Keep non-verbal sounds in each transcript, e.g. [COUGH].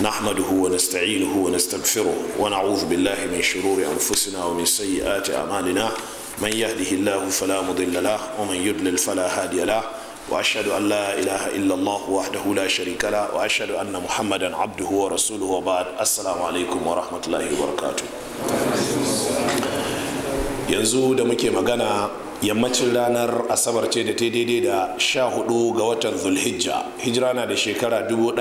نحمده ونستعينه ونستغفره ونعوذ بالله من شرور أنفسنا ومن سيئات أعمالنا من يهده الله فلا مضل له ومن يضلل فلا هادي له وأشهد أن لا إله إلا الله وحده لا شريك له وأشهد أن محمدا عبده ورسوله وبعد السلام عليكم ورحمة الله وبركاته yanzu da muke magana yammacin ranar asabar ce da ta daidai da 14 ga watan zulhijja hijira na da shekara dubu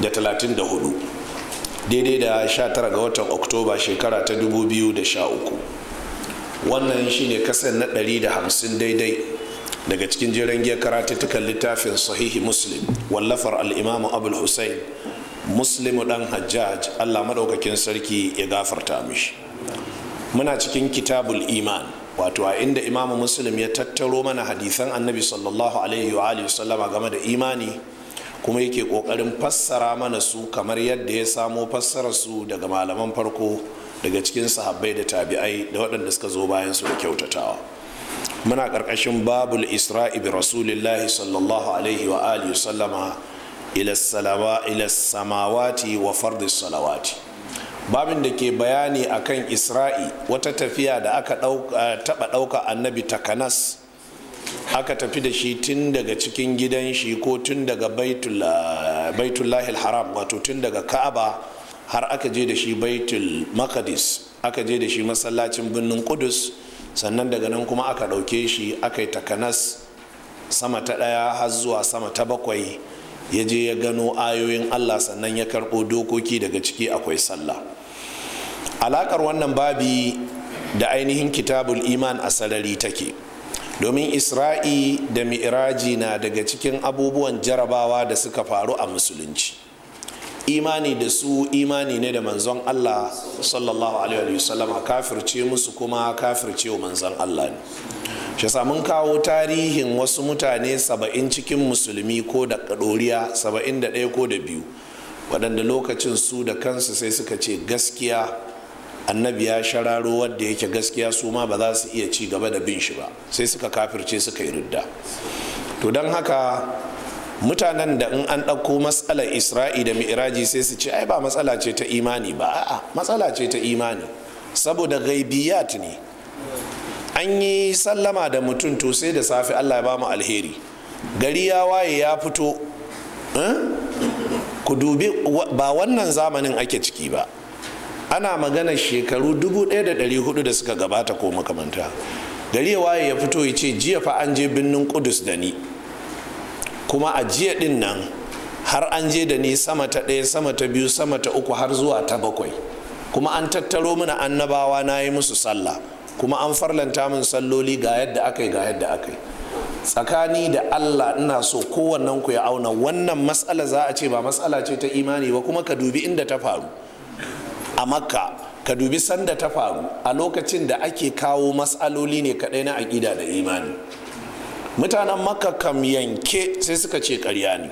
da talatin da hudu daidai da sha tara ga watan oktoba shekara ta dubu biyu da sha uku wannan shine kasan na ɗari da hamsin daidai daga cikin jiran giyar karatuttukan littafin sahihi muslim wallafar al'imamu abul hussein muslimu dan hajjaj allah maɗaukakin sarki ya gafarta mishi muna cikin kitabul iman wato a inda imamu muslim ya tattaro mana hadisan annabi sallallahu alaihi wa sallama game da imani kuma yake kokarin fassara mana su kamar yadda ya samo fassara su daga malaman farko daga cikin sahabbai da tabi'ai da waɗanda suka zo bayan su da kyautatawa muna ƙarƙashin babul isra'i bi rasulillahi sallallahu alaihi wa alihi sallama ila samawati wa fardi salawati babin da ke bayani akan isra'i wata tafiya da aka taɓa ɗauka annabi takanas aka tafi da shi tun daga cikin gidan shi ko tun daga baitullahil haram wato tun daga ka'aba har aka je da shi baitul makadis aka je da shi masallacin birnin kudus sannan daga nan kuma aka ɗauke shi aka yi takanas sama ta ɗaya har zuwa sama ta bakwai ya je ya gano ayoyin allah sannan ya karɓo dokoki daga ciki akwai sallah Alakar wannan babi da ainihin kitabul iman a sarari take domin isra'i da mi'raji na daga cikin abubuwan jarabawa da suka faru a musulunci imani da su imani ne da manzon allah sallallahu alaihi wasallama kafirce musu kuma kafirce wa manzon allah ne shi mun kawo tarihin wasu mutane saba'in cikin musulmi ko da ɗoriya saba'in da ɗaya ko da biyu waɗanda lokacin su da kansu sai suka ce gaskiya annabi ya shararo wadda yake gaskiya su ma ba za su iya ci gaba da bin shi ba sai suka kafirce suka yi ridda to don haka mutanen da in an ɗauko matsalar isra'i da mi'iraji sai su ce ai ba matsala ce ta imani ba a'a matsala ce ta imani saboda gaibiyat ne an yi sallama da mutum to sai da safe allah ya ba alheri gari ya waye ya fito eh? ku dubi ba wannan zamanin ake ciki ba ana magana shekaru 1400 da suka gabata ko makamanta gari waye ya fito ya ce jiya fa an je birnin kudus da ni kuma a jiya din nan har an je da ni sama ta ɗaya sama ta biyu sama ta uku har zuwa ta bakwai kuma an tattaro mana annabawa na yi musu sallah kuma an farlanta min salloli ga yadda aka yi ga yadda aka yi tsakani da allah ina so kowannen ku ya auna wannan matsala za a ce ba matsala ce ta imani ba kuma ka dubi inda ta faru a makka ka dubi sanda ta faru a lokacin da ake kawo matsaloli ne kadai na aƙida da imani mutanen makka kam yanke sai suka ce karya ne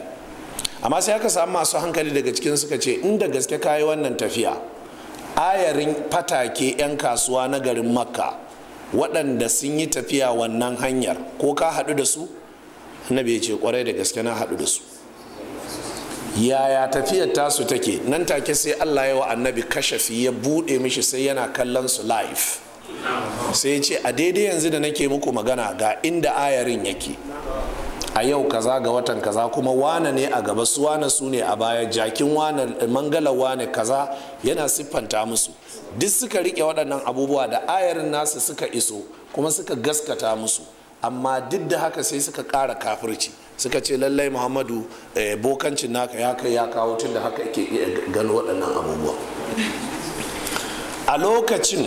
amma sai aka samu masu hankali daga cikin suka ce inda gaske kayi wannan tafiya ayarin fatake 'yan kasuwa na garin makka waɗanda sun yi tafiya wannan hanyar ko ka haɗu da su annabi ya ce kwarai da gaske na haɗu da su yaya tafiyar tasu take nan take sai allah ya wa annabi kashafi ya buɗe mishi sai yana kallon su live sai ya ce a daidai yanzu da nake muku magana ga inda ayarin yake a yau kaza ga watan kaza kuma wane ne a gaba su wane su ne a baya jakin wane mangala wane kaza yana siffanta musu duk suka rike waɗannan abubuwa da ayarin nasu suka iso kuma suka gaskata musu amma duk da haka sai suka ƙara kafirci suka ce lallai muhammadu eh, bokancin naka ya kai ya kawo tun da haka ke gano waɗannan abubuwa a lokacin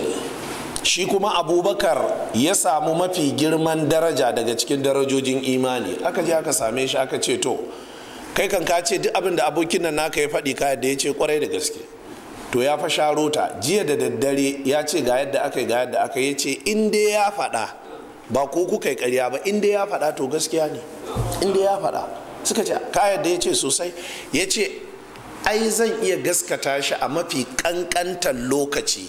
shi kuma abubakar ya samu mafi girman daraja daga cikin darajojin imani aka je aka same shi aka ce to kai kan ka ce duk abin da abokin nan naka ya faɗi ka yadda ya ce kwarai da gaske to ya fa sharota jiya da daddare ya ce ga yadda aka yi ga yadda aka yi ya ce in dai ya faɗa ba ko kuka yi karya ba inda ya faɗa to gaskiya ne inda ya faɗa suka ce kayar da ya ce sosai ya ce ai zan iya gaskata shi a mafi ƙanƙantar lokaci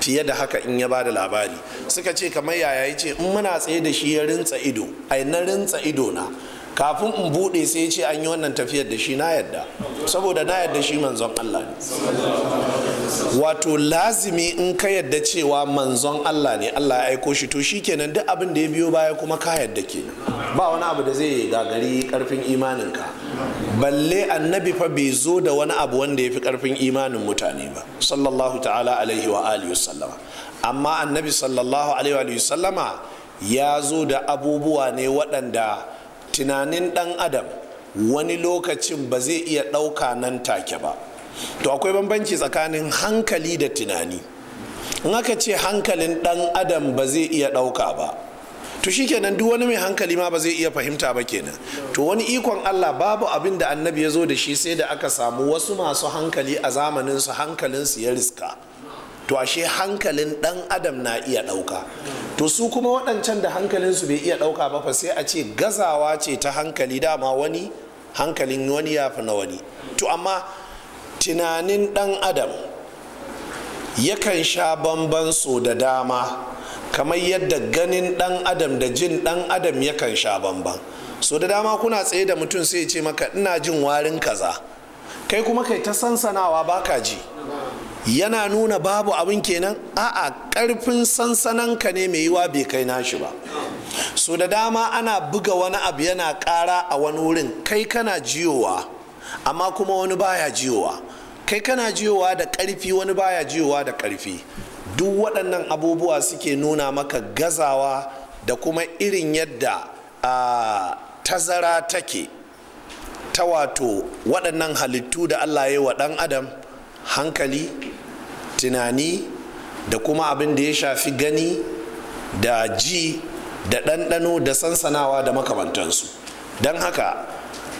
fiye da haka in ya ba da labari suka ce kamar yaya ya ce in muna tsaye da shi ya rintsa ido ai na rintsa ido na kafin in bude sai ya ce an yi wannan tafiyar da shi na yadda saboda na yadda shi manzon Allah ne wato lazimi in ka yadda cewa manzon Allah ne Allah ya aiko shi to shi kenan duk abin da ya biyo baya kuma ka yadda ke ba wani abu da zai gagari karfin imanin ka? balle annabi fa bai zo da wani abu wanda ya fi karfin imanin mutane ba sallallahu ta'ala alaihi wa alihi wasallama amma annabi sallallahu alaihi wa sallama ya zo da abubuwa ne waɗanda tunanin ɗan adam wani lokacin ba zai iya ɗauka nan take ba to akwai bambanci tsakanin hankali da tunani in aka ce hankalin ɗan adam ba zai iya ɗauka ba to shikenan duk wani mai hankali ma ba zai iya fahimta ba kenan to wani ikon Allah babu abin da annabi ya zo da shi sai da aka samu wasu masu hankali a zamanin su hankalin su ya riska to ashe hankalin dan adam na iya dauka. to su kuma waɗancan da hankalinsu bai iya dauka ba fa sai a ce gazawa ce ta hankali dama wani hankalin wani ya fi na wani to amma tunanin dan adam yakan sha bamban so da dama kamar yadda ganin dan adam da jin dan adam yakan sha bamban so da dama kuna tsaye da mutum sai ya ce maka ina jin warin kaza kai kuma kai ta sansanawa baka ji yana nuna babu abin kenan a'a karfin sansananka ne mai yiwa bai kai nashi ba so da dama ana buga wani abu yana kara a wani wurin kai kana jiyowa amma kuma wani baya jiyowa kai kana jiyowa da karfi wani baya jiyowa da karfi duk waɗannan abubuwa suke nuna maka gazawa da kuma irin yadda tazara take ta wato waɗannan halittu da allah ya wa ɗan adam hankali tunani da kuma abin da ya shafi gani da ji da ɗanɗano da sansanawa da makamantansu don haka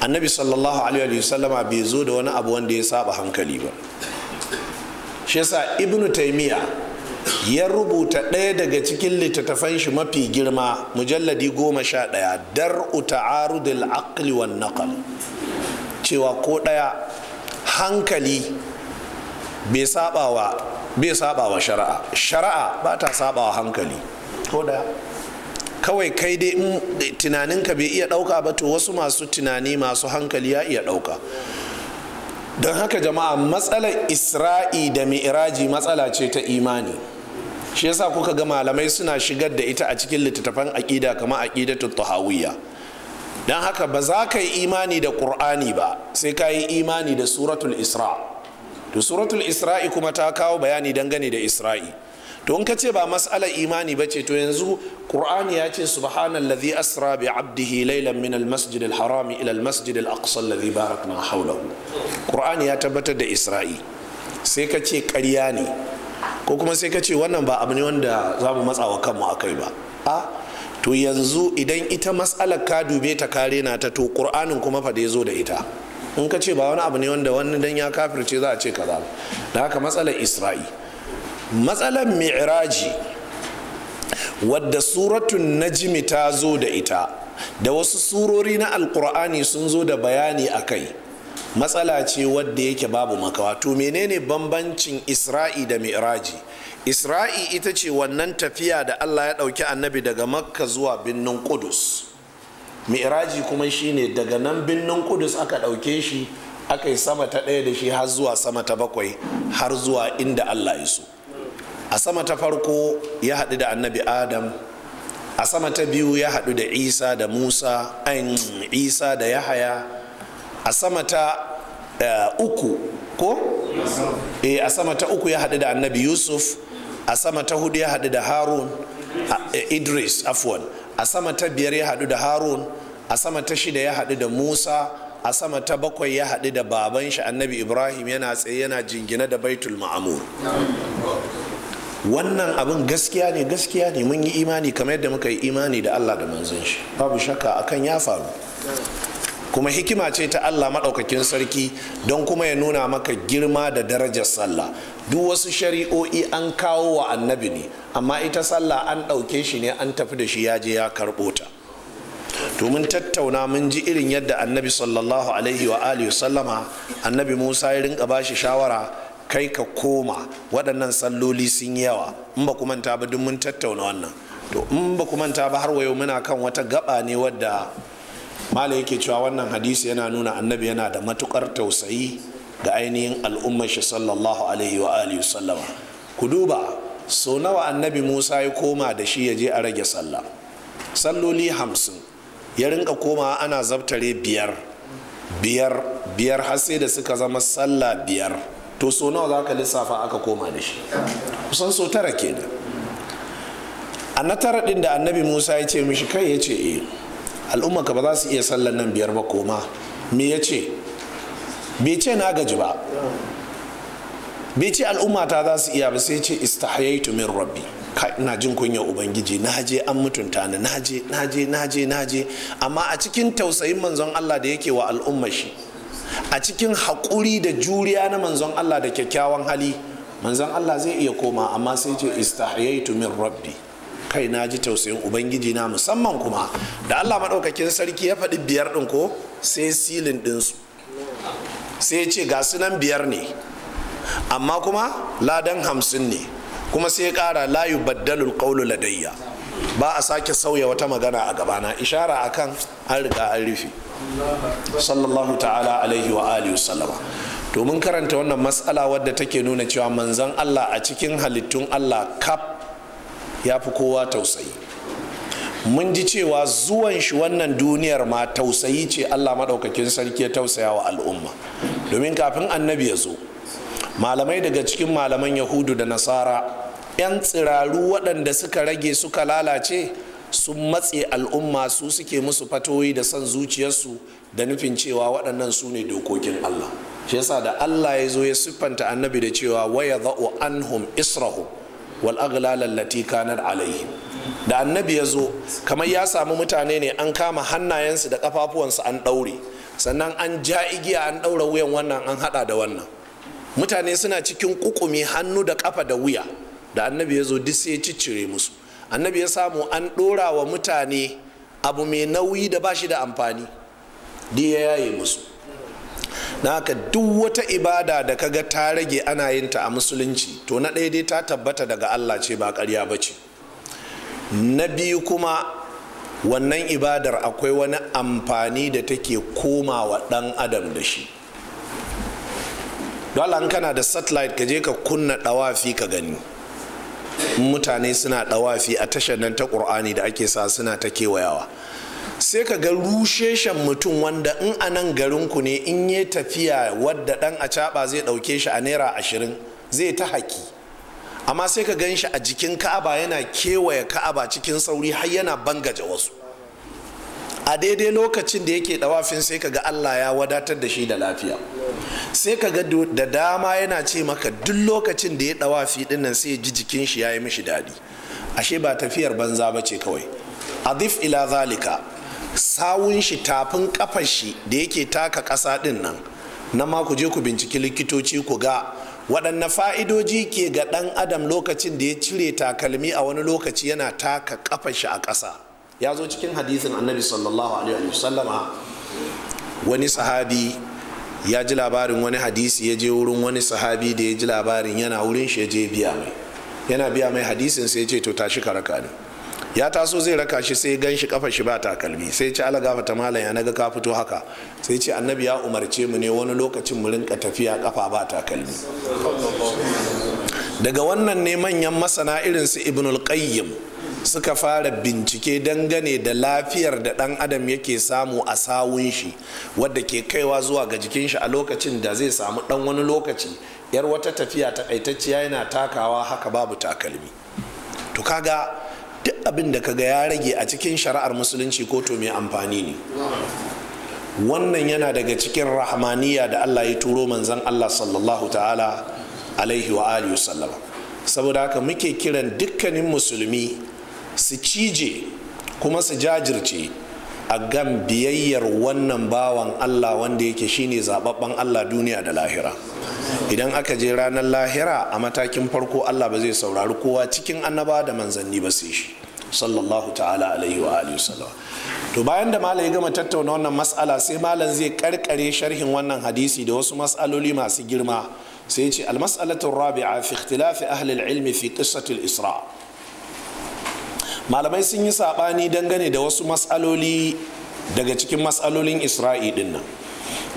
annabi sallallahu alaihi wasallama bai zo da wani abu wanda ya saba hankali ba shi yasa ibnu taimiya ya rubuta ɗaya daga cikin littattafan shi mafi girma mujalladi goma sha ɗaya uta ta'arudul aqli wan naqal cewa ko ɗaya hankali bai saba wa shari'a shari'a ba ta wa hankali ko da kawai kai dai tunaninka bai iya dauka ba to wasu masu tunani masu hankali ya iya dauka don haka jama'a matsalar isra'i da mi'iraji matsala ce ta imani shi yasa kuka ga malamai suna shigar da ita a cikin littattafan aƙida kamar aƙidatu tahawiyya don haka ba za ka yi imani da ƙur'ani ba sai ka yi imani da suratul isra' to suratul isra'i kuma ta kawo bayani dangane da isra'i to in ka ce ba mas'alar imani ba ce to yanzu qur'ani ya ce ladhi asra bi abdihi laylan min al haram ila al aqsa alladhi barakna hawlahu qur'ani ya tabbatar da isra'i sai ka ce ƙarya ne ko kuma sai ka ce wannan ba abu ne wanda za mu matsa wa kanmu kai ba a to yanzu idan ita mas'alar ka dube ta kare na ta to qur'anin kuma fa da ya zo da ita in ka ce ba wani abu ne wanda wani dan ya kafirce za a ce kaza ba da haka matsalar isra'i matsalar mi'raji wadda suratun najimi ta zo da ita da wasu surori na alkur'ani sun zo da bayani a kai matsala ce wadda yake babu makawa to menene bambancin isra'i da mi'raji isra'i ita ce wannan tafiya da allah ya ɗauki annabi daga makka zuwa birnin kudus mi'raji kuma shine daga nan birnin kudus aka ɗauke shi aka yi sama ta ɗaya da shi har zuwa sama ta bakwai har zuwa inda allah ya so a sama ta farko ya haɗu da annabi adam a sama ta biyu ya haɗu da isa da musa an isa da yahaya a sama ta uh, uku ko e, a sama ta uku ya haɗu da annabi yusuf a sama ta hudu ya haɗu da harun a, eh, idris afwan a sama ta biyar ya haɗu da harun a sama ta shida ya haɗu da musa a sama ta bakwai ya haɗu da baban shi annabi ibrahim yana tsaye yana jingina da baitul ma'amur wannan abin gaskiya ne gaskiya ne mun yi imani kamar yadda muka yi imani da allah da manzon shi babu shakka akan ya faru kuma hikima ce ta allah maɗaukakin sarki don kuma ya nuna maka girma da darajar sallah duk wasu shari'o'i an kawo wa annabi ne amma ita sallah an ɗauke shi ne an tafi da shi ya je ya karɓo ta to mun tattauna mun ji irin yadda annabi sallallahu alaihi wa alihi sallama annabi musa ya rinka bashi shawara kai ka koma waɗannan salloli sun yawa in ba ku manta ba duk mun tattauna wannan to in ba ku manta ba har wayo muna kan wata gaba ne wadda malam yake cewa wannan hadisi yana nuna annabi yana da matukar tausayi da ainihin al'ummar shi sallallahu alaihi wa alihi sallama ku duba so nawa annabi musa ya koma da shi ya je a rage sallah salloli hamsin ya rinka koma ana zabtare biyar biyar biyar har sai da suka zama sallah biyar to so nawa za ka lissafa aka koma da shi kusan so tara kenan a na tara din da annabi musa ya ce mishi kai ya ce eh, al'umma ka ba za su iya sallan nan biyar ba koma me ya ce bai ce na gaji ba bai ce al'umma za su iya ba sai ce istahayaitu min rabbi ina jin kunya ubangiji na je an mutunta ni na je na je na je na je amma a cikin tausayin manzon Allah da yake wa al'umma shi a cikin haƙuri da juriya na manzon Allah da kyakkyawan hali manzon Allah zai iya koma amma sai ce istahayaitu min rabbi kai na ji tausayin ubangiji na musamman kuma da allah maɗaukakin sarki ya faɗi biyar ɗin ko sai silin ɗinsu sai ya ce ga sunan biyar ne amma kuma ladan hamsin ne kuma sai ya ƙara layu baddalul qawlu ladayya ba a sake sauya wata magana a gabana ishara akan an riga an rufe sallallahu ta'ala alaihi wa alihi sallama to karanta wannan matsala wadda take nuna cewa manzon Allah a cikin halittun Allah kaf ya fi kowa tausayi mun ji cewa zuwan shi wannan duniyar ma tausayi ce allah maɗaukakin sarki ya tausaya wa al'umma domin kafin annabi ya zo malamai daga cikin malaman yahudu da nasara 'yan tsiraru waɗanda suka rage suka lalace sun matse al'umma su suke musu fatoyi da son zuciyarsu da nufin cewa waɗannan su ne dokokin allah shi yasa da allah ya zo ya siffanta annabi da cewa waya za'u anhum israhu wal aghlal allati kanat alaihim da annabi ya zo kamar ya samu mutane ne an kama hannayensu da kafafuwansu an ɗaure sannan an ja igiya an ɗaura wuyan wannan an haɗa da wannan mutane suna cikin kukumi hannu da ƙafa da wuya da annabi ya zo duk sai ya ciccire musu annabi ya samu an ɗora wa mutane abu mai nauyi da ba shi da amfani duk ya yaye musu na haka duk wata ibada da kaga ta rage ana yin ta a musulunci to na ɗaya dai ta tabbata daga allah ce ba ƙarya ba ce na biyu kuma wannan ibadar akwai wani amfani da take komawa ɗan adam da shi dole an kana da satellite ka je ka kunna ɗawafi ka gani mutane suna ɗawafi a tashar nan ta ƙur'ani da ake sa suna ta kewayawa sai ka ga rusheshen mutum wanda in a nan garinku ne in ya tafiya wadda dan a caba zai dauke shi a naira ashirin zai ta haki amma sai ka gan shi a jikin ka'aba yana kewaye ka'aba cikin sauri har yana bangaje wasu a daidai lokacin da yake dawafin sai ka ga allah ya wadatar da shi da lafiya sai ka ga da dama yana ce maka duk lokacin da ya dawafi dinnan sai ji jikin shi ya yi mishi daɗi ashe ba tafiyar banza ba ce kawai adif ila zalika sawun shi tafin kafar shi da yake taka ƙasa ɗin nan na ma ku je ku binciki likitoci ku ga waɗanne fa'idoji ke ga ɗan adam lokacin da ya cire takalmi a wani lokaci yana taka kafar shi a ƙasa ya zo cikin hadisin annabi sallallahu alaihi wasallama wani sahabi ya ji labarin wani hadisi ya je wurin wani sahabi da ya ji labarin yana wurin shi ya je biya mai yana biya mai hadisin sai ya ce to tashi ka raka ne ya taso zai raka shi sai gan shi kafa shi ba takalmi sai ci ala ta malam ya naga ka fito haka sai ce annabi ya umarce mu ne wani lokacin mu rinka tafiya kafa ba takalmi daga wannan ne manyan masana irin su ibnul qayyim suka fara bincike dangane da lafiyar da dan adam yake samu a sawun shi wadda ke kaiwa zuwa ga jikin shi a lokacin da zai samu dan wani lokaci yar wata tafiya kaitacciya yana takawa haka babu takalmi to kaga duk abin da kaga ya rage a cikin shari'ar musulunci ko to mai amfani ne wannan yana daga cikin rahmaniya da Allah ya turo manzon Allah sallallahu ta'ala alaihi wa alihi sallama saboda haka muke kiran dukkanin musulmi su cije kuma su jajirce a gan biyayyar wannan bawan Allah wanda yake shine zababben Allah duniya da lahira idan aka je ranar lahira a matakin farko Allah ba zai saurari kowa cikin annaba da manzanni ba sai shi sallallahu ta'ala alaihi wa alihi wasallam to bayan da malam ya gama tattauna wannan mas'ala sai malam zai karkare sharhin wannan hadisi da wasu mas'aloli masu girma sai ya ce al-mas'alatu rabi'a fi ikhtilafi ahli al-ilmi fi qissati al-isra' malamai sun yi saɓani dangane da wasu matsaloli daga cikin matsalolin isra'i din nan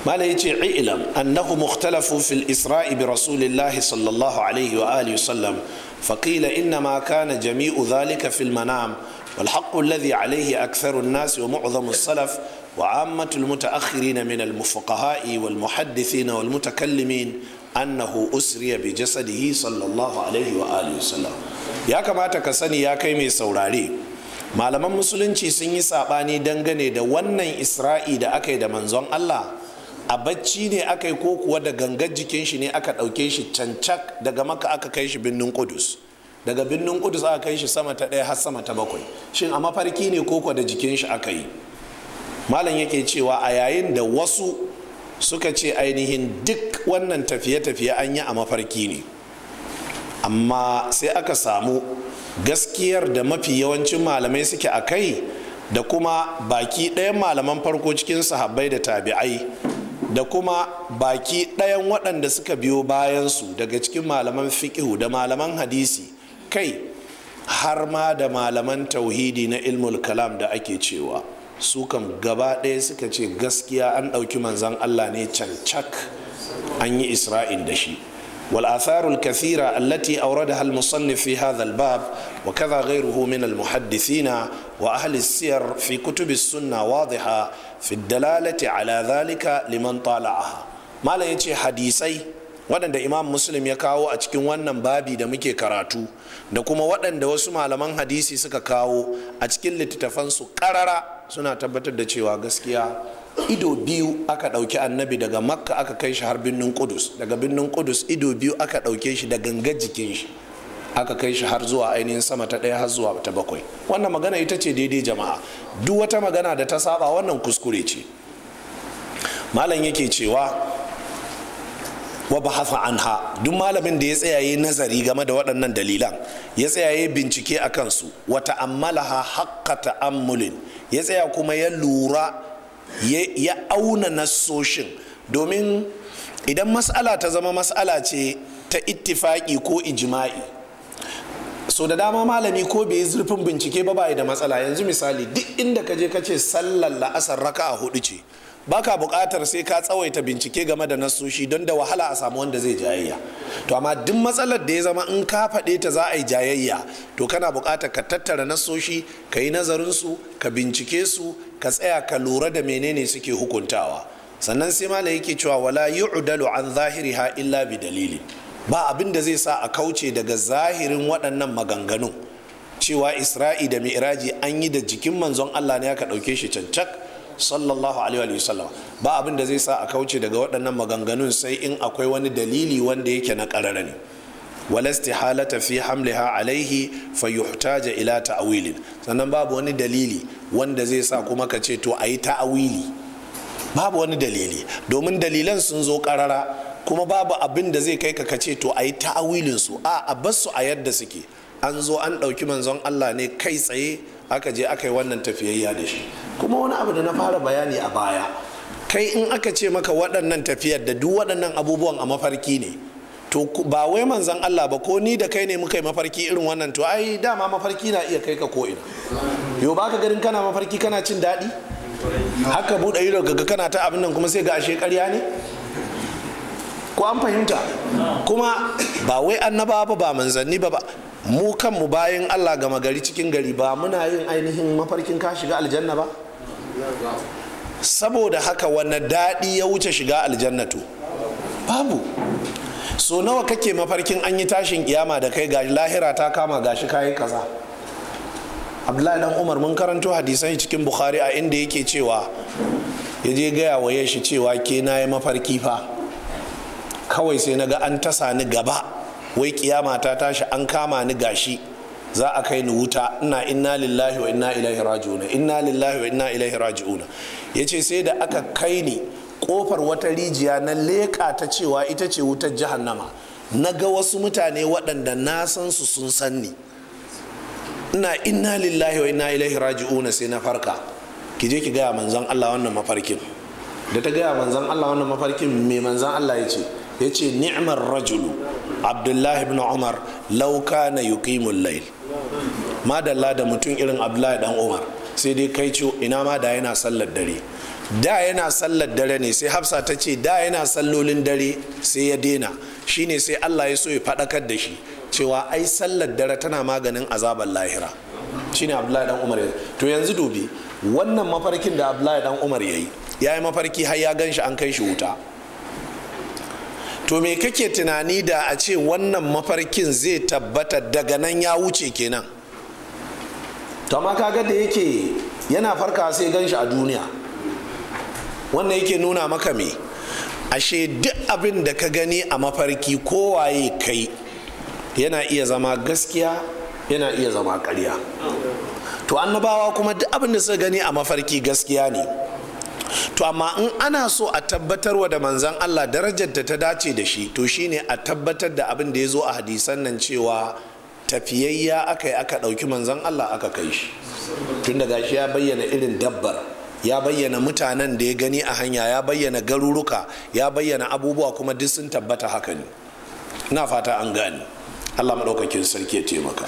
malai ce ilam annahu mukhtalafu fil isra'i bi rasulillahi sallallahu alaihi wa alihi sallam faqila inna ma kana jami'u dhalika fil manam wal haqqu alladhi alaihi aktharu an-nas wa mu'dhamu as-salaf wa ammatul muta'akhirin min al-fuqaha'i wal muhaddithin wal mutakallimin annahu usriya bi jasadihi sallallahu alaihi wa alihi sallam ya kamata ka sani ya kai mai saurare malaman musulunci sun yi saɓani dangane da wannan isra'i da aka yi da manzon allah a bacci ne aka yi ko kuwa da gangar jikin shi ne aka ɗauke shi cancak daga maka aka kai shi birnin kudus daga birnin kudus aka kai shi sama ta ɗaya har sama ta bakwai shin a mafarki ne ko kuwa da jikin shi aka yi malam yake cewa a yayin da wasu suka ce ainihin duk wannan tafiye-tafiye an yi a mafarki ne amma sai aka samu gaskiyar da mafi yawancin malamai suke a kai da kuma baki ɗayan malaman farko cikin sahabbai da tabi'ai da kuma baki ɗayan waɗanda suka biyo bayansu daga cikin malaman fiƙihu da malaman hadisi kai har ma da malaman tauhidi na ilmul kalam da ake cewa su kam gaba ɗaya suka ce gaskiya an ɗauki manzan allah ne cancak an yi Isra'il da shi والآثار الكثيرة التي أوردها المصنف في هذا الباب wa غيره من المحدثين وأهل السير في fi السنة واضحة في الدلالة على ذلك لمن طالعها ما لا يتي حديثي waɗanda imam muslim ya kawo a cikin wannan babi da muke karatu da kuma waɗanda wasu malaman hadisi suka kawo a cikin littattafansu ƙarara suna tabbatar da cewa gaskiya ido biyu aka ɗauki annabi daga makka aka kai shi har birnin kudus daga birnin kudus ido biyu aka ɗauke shi da ganga jikin shi aka kai shi har zuwa ainihin sama ta ɗaya har zuwa ta bakwai wannan magana ita ce daidai jama'a duk wata magana da ta saba wannan kuskure ce malam yake cewa wa an anha duk malamin da ya tsayaye nazari game da waɗannan dalilan ya tsayaye bincike a kansu wata ammalaha ta ta'ammulin ya tsaya kuma ya lura ya auna nassoshin domin idan mas'ala ta zama mas'ala ce ta ittifaki ko ijima'i so da dama malami ko bai zurfin bincike ba bai da matsala yanzu misali duk inda ka je ka ce sallar la'asar raka a hudu ce baka buƙatar sai ka tsawaita bincike game da nasoshi don da wahala a samu wanda zai jayayya to amma duk matsalar da ya zama in ka faɗe ta za a yi jayayya to kana bukatar ka tattara nasoshi ka yi nazarin su ka bincike su ka tsaya ka lura da menene suke hukuntawa sannan sai malam yake cewa wala yu'dalu an ha illa bi dalili ba abin da zai sa a kauce daga zahirin waɗannan maganganu cewa isra'i da mi'raji an yi da jikin manzon Allah ne aka ɗauke shi cancak sallallahu alaihi wa sallam ba abin da zai sa a kauce daga waɗannan maganganun sai in akwai wani dalili wanda yake na ƙarara ne wala tafi fi ha alaihi fa yuhtaja ila ta'wilin sannan babu wani dalili wanda zai sa kuma ka ce to yi ta'awili babu wani dalili domin dalilan sun zo karara kuma babu abin da zai kai ka kace to ayi ta'awilin su a a su a yadda suke an zo an ɗauki manzon Allah ne kai tsaye aka je aka yi wannan tafiyayya da shi kuma wani abu da na fara bayani a baya kai in aka ce maka waɗannan tafiyar da duk waɗannan abubuwan a mafarki ne to ba wai manzan Allah ba ko ni da kai ne muka yi mafarki irin wannan to ai dama mafarki na iya kai ka ko ina yau ba ka garin kana mafarki kana cin daɗi haka buɗe ido ga kana ta abin nan kuma sai ga ashe ƙarya ne ko an fahimta kuma ba wai annaba ba ba manzanni ba ba mu kanmu bayan Allah gama gari cikin gari ba muna yin ainihin mafarkin ka shiga aljanna ba saboda haka wannan daɗi ya wuce shiga aljannatu babu so nawa kake mafarkin an yi tashin kiyama da kai ga lahira ta kama gashi kayan kaza abdullahi dan umar mun karanto hadisan cikin bukhari a inda yake cewa ya je gaya wa yashi cewa ke na yi mafarki fa kawai sai naga an tasa ni gaba wai kiyama ta tashi an kama ni gashi za a kai ni wuta ina inna lillahi wa inna ilaihi raji'una inna lillahi wa inna ilaihi raji'una yace sai da aka kai ni kofar wata rijiya na leƙa ta cewa ita ce wutar jahannama na ga wasu mutane waɗanda na san su sun sanni ina inna lillahi wa inna ilaihi raji'una sai na farka ki je ki gaya manzon Allah wannan mafarkin da ta gaya manzon Allah wannan mafarkin me manzon Allah ya ce ya ce ni'mar rajulu abdullahi ibn umar lauka na yuqimul layl madalla da mutum irin abdullahi dan umar sai dai kai ina ma da yana sallar dare da yana sallar dare ne sai hafsa ta ce da yana sallolin dare sai ya dena shine sai allah ya so ya faɗakar da shi cewa ai sallar dare tana maganin azabar lahira shine abdullahi dan umar ya to yanzu dobe wannan mafarkin da abdullahi dan umar ya yi ya yi mafarki har ya gan shi an kai shi wuta to me kake tunani da a ce wannan mafarkin zai tabbata daga nan ya wuce kenan to amma kaga da yake yana farka sai gan shi a duniya wannan yake nuna maka me ashe duk abin da ka gani a mafarki kowaye kai yana iya zama gaskiya yana iya zama karya. to annabawa kuma duk abin da suka gani a mafarki gaskiya ne to amma in ana so a tabbatar wa da manzan Allah darajar da ta dace da shi to shine a tabbatar da abin da ya zo a hadisan nan cewa tafiyayya aka yi aka ɗauki manzan Allah aka kai shi tun daga shi ya bayyana irin dabbar ya bayyana mutanen da ya gani a hanya ya bayyana garuruka ya bayyana abubuwa kuma duk sun tabbata haka ne na fata an gane allah maɗaukakin sarki ya taimaka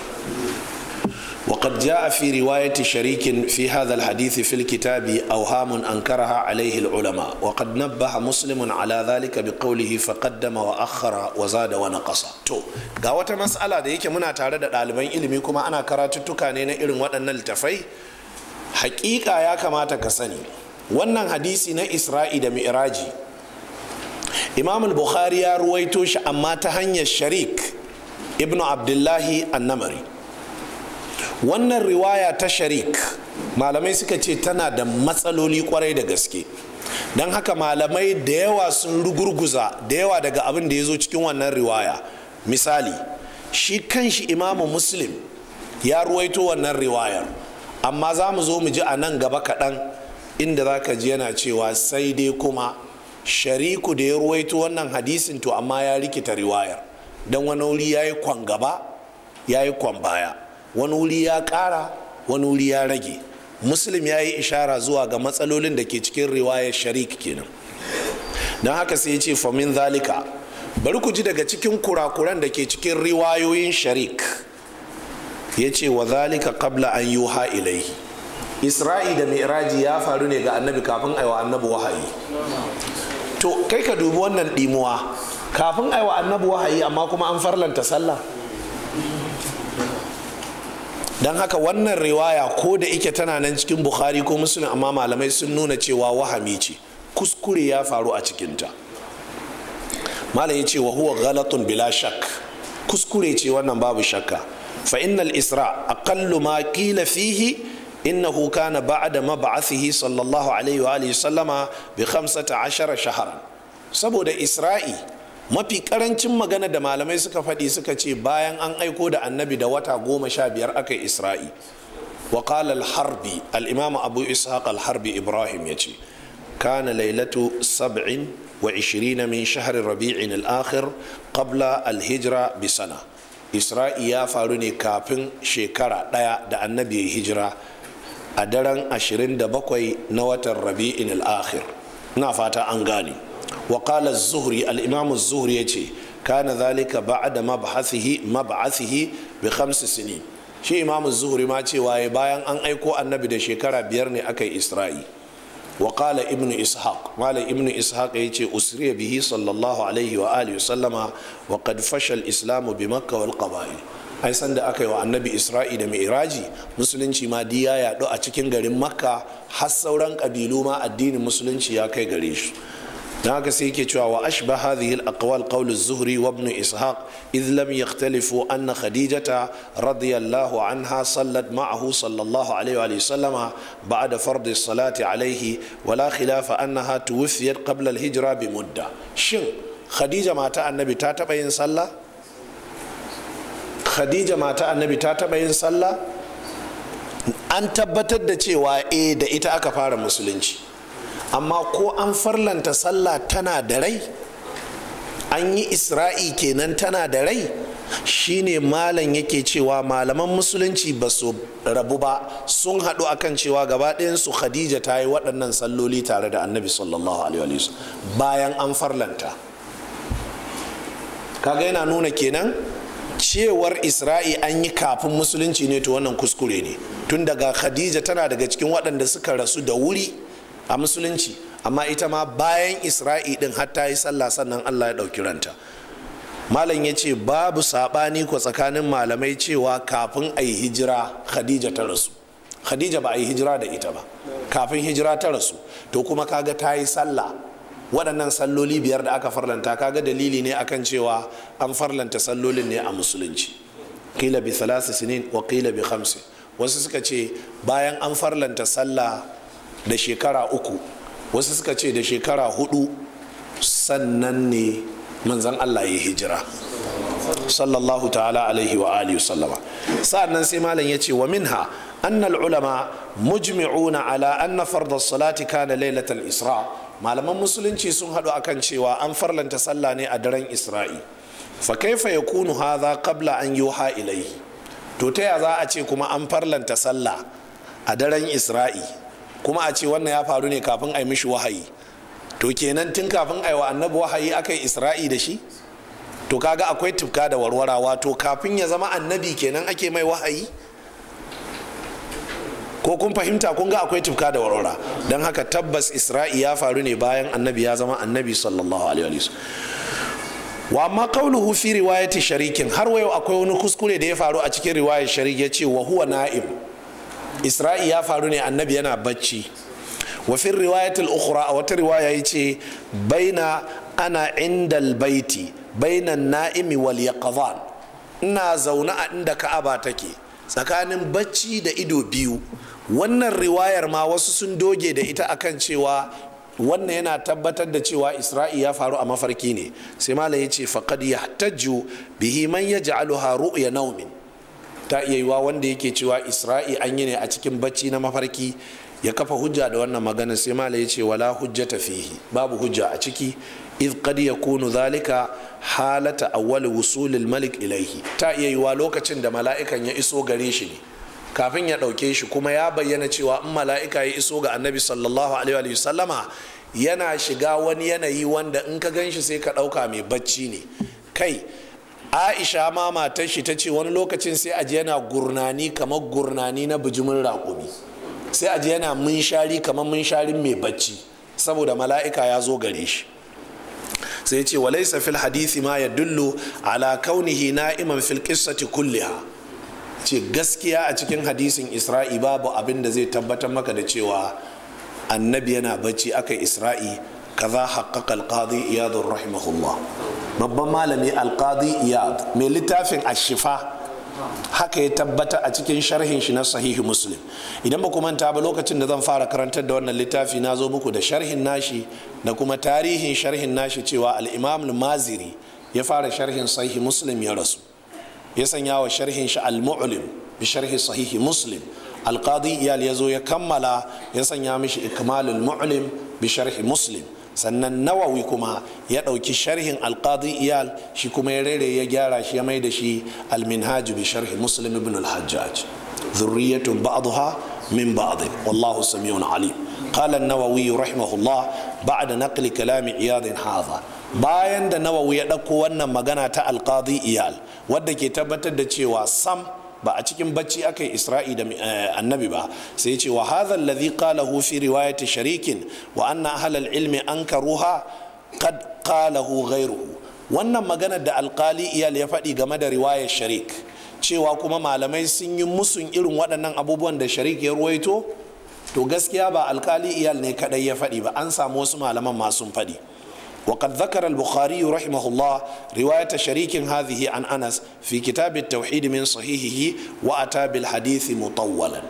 وقد جاء في رواية شريك في هذا الحديث في الكتاب أوهام أنكرها عليه العلماء وقد نبه مسلم على ذلك بقوله فقدم وأخر وزاد ونقص تو ga wata mas'ala da yake muna tare da ɗaliban ilimi kuma ana karatuttuka ne na irin waɗannan littafai hakika ya kamata ka sani wannan hadisi na isra'i da mi'raji imam bukhari ya ruwaito shi amma ta hanyar sharik ibnu abdullahi annamari wannan riwaya ta sharik malamai suka ce tana da matsaloli kwarai da gaske don haka malamai da yawa sun rugurguza da yawa daga abin da ya zo cikin wannan riwaya misali shi kanshi imamu muslim ya ruwaito wannan riwayar amma za mu zo mu ji a nan gaba kaɗan inda za ka ji yana cewa sai dai kuma shariku da ya ruwaito wannan hadisin to amma ya rikita riwayar don wani wuri ya yi kwan gaba ya yi kwan baya wani wuri ya ƙara wani wuri ya rage muslim ya yi ishara zuwa ga matsalolin da ke cikin riwayar sharik kenan don haka sai ya ce famin zalika bari ku ji daga cikin kurakuran da ke cikin riwayoyin sharik ya ce wa zalika qabla an yuha ilaihi isra'i da mi'raji ya faru ne ga annabi kafin aiwa annabi wahayi to kai ka dubi wannan dimuwa kafin aiwa annabi wahayi amma kuma an farlanta sallah don haka wannan riwaya ko da ike tana nan cikin bukhari ko musulun amma malamai sun nuna cewa wahami ce kuskure ya faru a cikinta malam ya ce wa huwa galatun bila shak kuskure ce wannan babu shakka fa innal isra aqallu ma qila inna innahu kana ba'da mab'athihi sallallahu alaihi wa alihi sallama bi 15 shahran saboda isra'i mafi karancin magana da malamai suka faɗi suka ce bayan an aiko da annabi da wata goma sha biyar aka isra'i wa harbi al-imam abu ishaq al-harbi ibrahim yace kana lailatu sab'in wa ishirin min shahr rabi'in akhir qabla al-hijra bi sana isra'i ya faru ne kafin shekara ɗaya da annabi ya hijira a daren 27 na watan rabi'in al'akhir na fata an gane waƙalar zuhri al'imamu zuhri ya ce kana zalika ba'da mab'athihi mab'athihi bi khamsi sini shi imamu zuhri ma cewa bayan an aiko annabi da shekara biyar ne aka yi isra'i wa qala ibnu ishaq malam ibnu ishaq ya ce usriya bihi sallallahu alaihi wa wa sallama wa fashal islamu bi makka wal qaba'il ai san da aka yi wa annabi isra'i da mi'raji musulunci ma di ya yaɗu a cikin garin makka har sauran ƙabilu ma addinin musulunci ya kai gare shi dan haka sai yake cewa wa ashba hadhihi al-aqwal qawl az-zuhri wa ibn ishaq idh lam yakhtalifu anna khadijata radiyallahu anha sallat ma'ahu sallallahu alayhi wa sallama ba'da fard as-salati alayhi wa la khilafa annaha tuwfiyat qabla al-hijra bi mudda shin khadija mata annabi ta taba yin sallah khadija mata annabi ta taba yin sallah an tabbatar da cewa eh da ita aka fara musulunci amma ko an farlanta sallah tana da rai an yi isra'i kenan tana da rai shine malam yake cewa malaman musulunci ba su rabu ba sun haɗu akan cewa gaba su khadija ta yi waɗannan salloli tare da annabi sallallahu alaihi bayan an farlanta kaga yana nuna kenan cewar isra'i an yi kafin musulunci ne to wannan kuskure ne tun daga khadija tana daga cikin waɗanda suka rasu da wuri a musulunci amma ita ma bayan isra'i din hatta yi sallah sannan allah ya ɗauki ranta malam ya ce babu saɓani ko tsakanin malamai cewa kafin a yi hijira khadija ta rasu khadija ba a yi hijira da ita ba kafin hijira ta rasu to kuma kaga ta yi sallah waɗannan salloli biyar da aka farlanta kaga dalili ne akan cewa an farlanta sallolin ne a musulunci kila bi salasa sinin wa kila bi khamsi wasu suka ce bayan an farlanta sallah da shekara uku wasu suka ce da shekara hudu sannan ne manzan Allah ya hijira sallallahu ta'ala alaihi wa alihi sallama sa'annan sai malam ya ce wa minha anna ulama mujmi'una ala anna farda salati kana lailatal isra malaman musulunci sun hadu akan cewa an farlanta sallah ne a daren isra'i fa kaifa yakunu hadha qabla an yuha ilaihi to ta ya za a ce kuma an farlanta sallah a daren isra'i kuma a ce wannan ya faru ne kafin a yi mishi wahayi to kenan tun kafin a yi wa annabi wahayi aka yi isra'i da shi to kaga akwai tufka da warwara wato kafin ya zama annabi kenan ake mai wahayi ko kun fahimta kun ga akwai tufka da warwara don haka tabbas isra'i ya faru ne bayan annabi ya zama annabi sallallahu alaihi wa wa amma qawluhu fi riwayati sharikin har wayo akwai wani kuskure da ya faru a cikin riwayar sharik ya ce wa huwa na'im isra'i ya faru ne annabi yana bacci wafin riwayatul ukhra a wata riwaya ya ce baina ana indal baiti bainan na'imi wal yaqadhan ina zaune a inda ka'aba take tsakanin bacci da ido biyu wannan riwayar ma wasu sun doge da ita akan cewa wannan yana tabbatar da cewa isra'i ya faru a mafarki ne sai malam ya ce faqad yahtaju bihi man yaj'aluha ru'ya naumin ta iya yiwa wanda yake cewa isra'i an yi ne a cikin bacci na mafarki ya kafa hujja da wannan magana sai mala ya ce wala ta fihi babu hujja a ciki iz ya kunu zalika halata awwal wusul al malik ilaihi ta iya yiwa lokacin da mala'ikan ya iso gare shi ne kafin ya dauke shi kuma ya bayyana cewa in mala'ika ya iso ga annabi sallallahu alaihi wa sallama yana shiga wani yanayi wanda in ka ganshi sai ka dauka mai bacci ne kai aisha ma matar shi ta ce wani lokacin sai aji yana gurnani kamar gurnani na bijimin raƙumi sai aji yana munshari kamar munsharin mai bacci saboda mala'ika ya zo gare shi sai ce laisa fil hadisi ma ya dullu ala kaunihi na'iman fil qissati kulliha ce gaskiya a cikin hadisin isra'i babu abin da zai tabbatar maka da cewa annabi yana bacci aka isra'i kaza haqqaqa al-qadi iyad rahimahullah babban malami al-qadi mai littafin ashifa haka ya tabbata a cikin sharhin shi na sahihi muslim idan ba manta ba lokacin da zan fara karantar da wannan littafi na zo muku da sharhin nashi da kuma tarihin sharhin nashi cewa al-imam maziri ya fara sharhin sahihi muslim ya rasu ya sanya wa sharhin shi al-mu'lim bi sharhi sahihi muslim al-qadi ya zo ya kammala ya sanya mishi ikmalul mu'lim bi sharhi muslim sannan nawawi kuma ya ɗauki sharhin alƙadi iyal shi kuma ya rere ya gyara shi ya mai da shi alminhaji bi sharhi muslim ibn al-hajjaj zurriyatun ba'daha min ba'd wallahu samiun alim qala an-nawawi rahimahullah ba'da nakli kalam iyad hadha bayan da nawawi ya ɗauko wannan magana ta alƙadi iyal wadda ke tabbatar da cewa sam ba a cikin bacci aka yi isra'i da eh, annabi ba sai ce wa hadha alladhi qalahu fi riwayati sharikin wa anna ahlal ilmi ankaruha qad qalahu ghayruhu wannan maganar da alkali iyal ya faɗi game da riwayar sharik cewa kuma malamai sun yi musun irin waɗannan abubuwan da sharik ya ruwaito to gaskiya ba alkali iyal ne kaɗai ya faɗi ba an samu wasu malaman masu faɗi وقد ذكر البخاري رحمه الله رواية شريك هذه عن أنس في كتاب sahihihi wa'atabil صحيحه وأتى بالحديث مطولا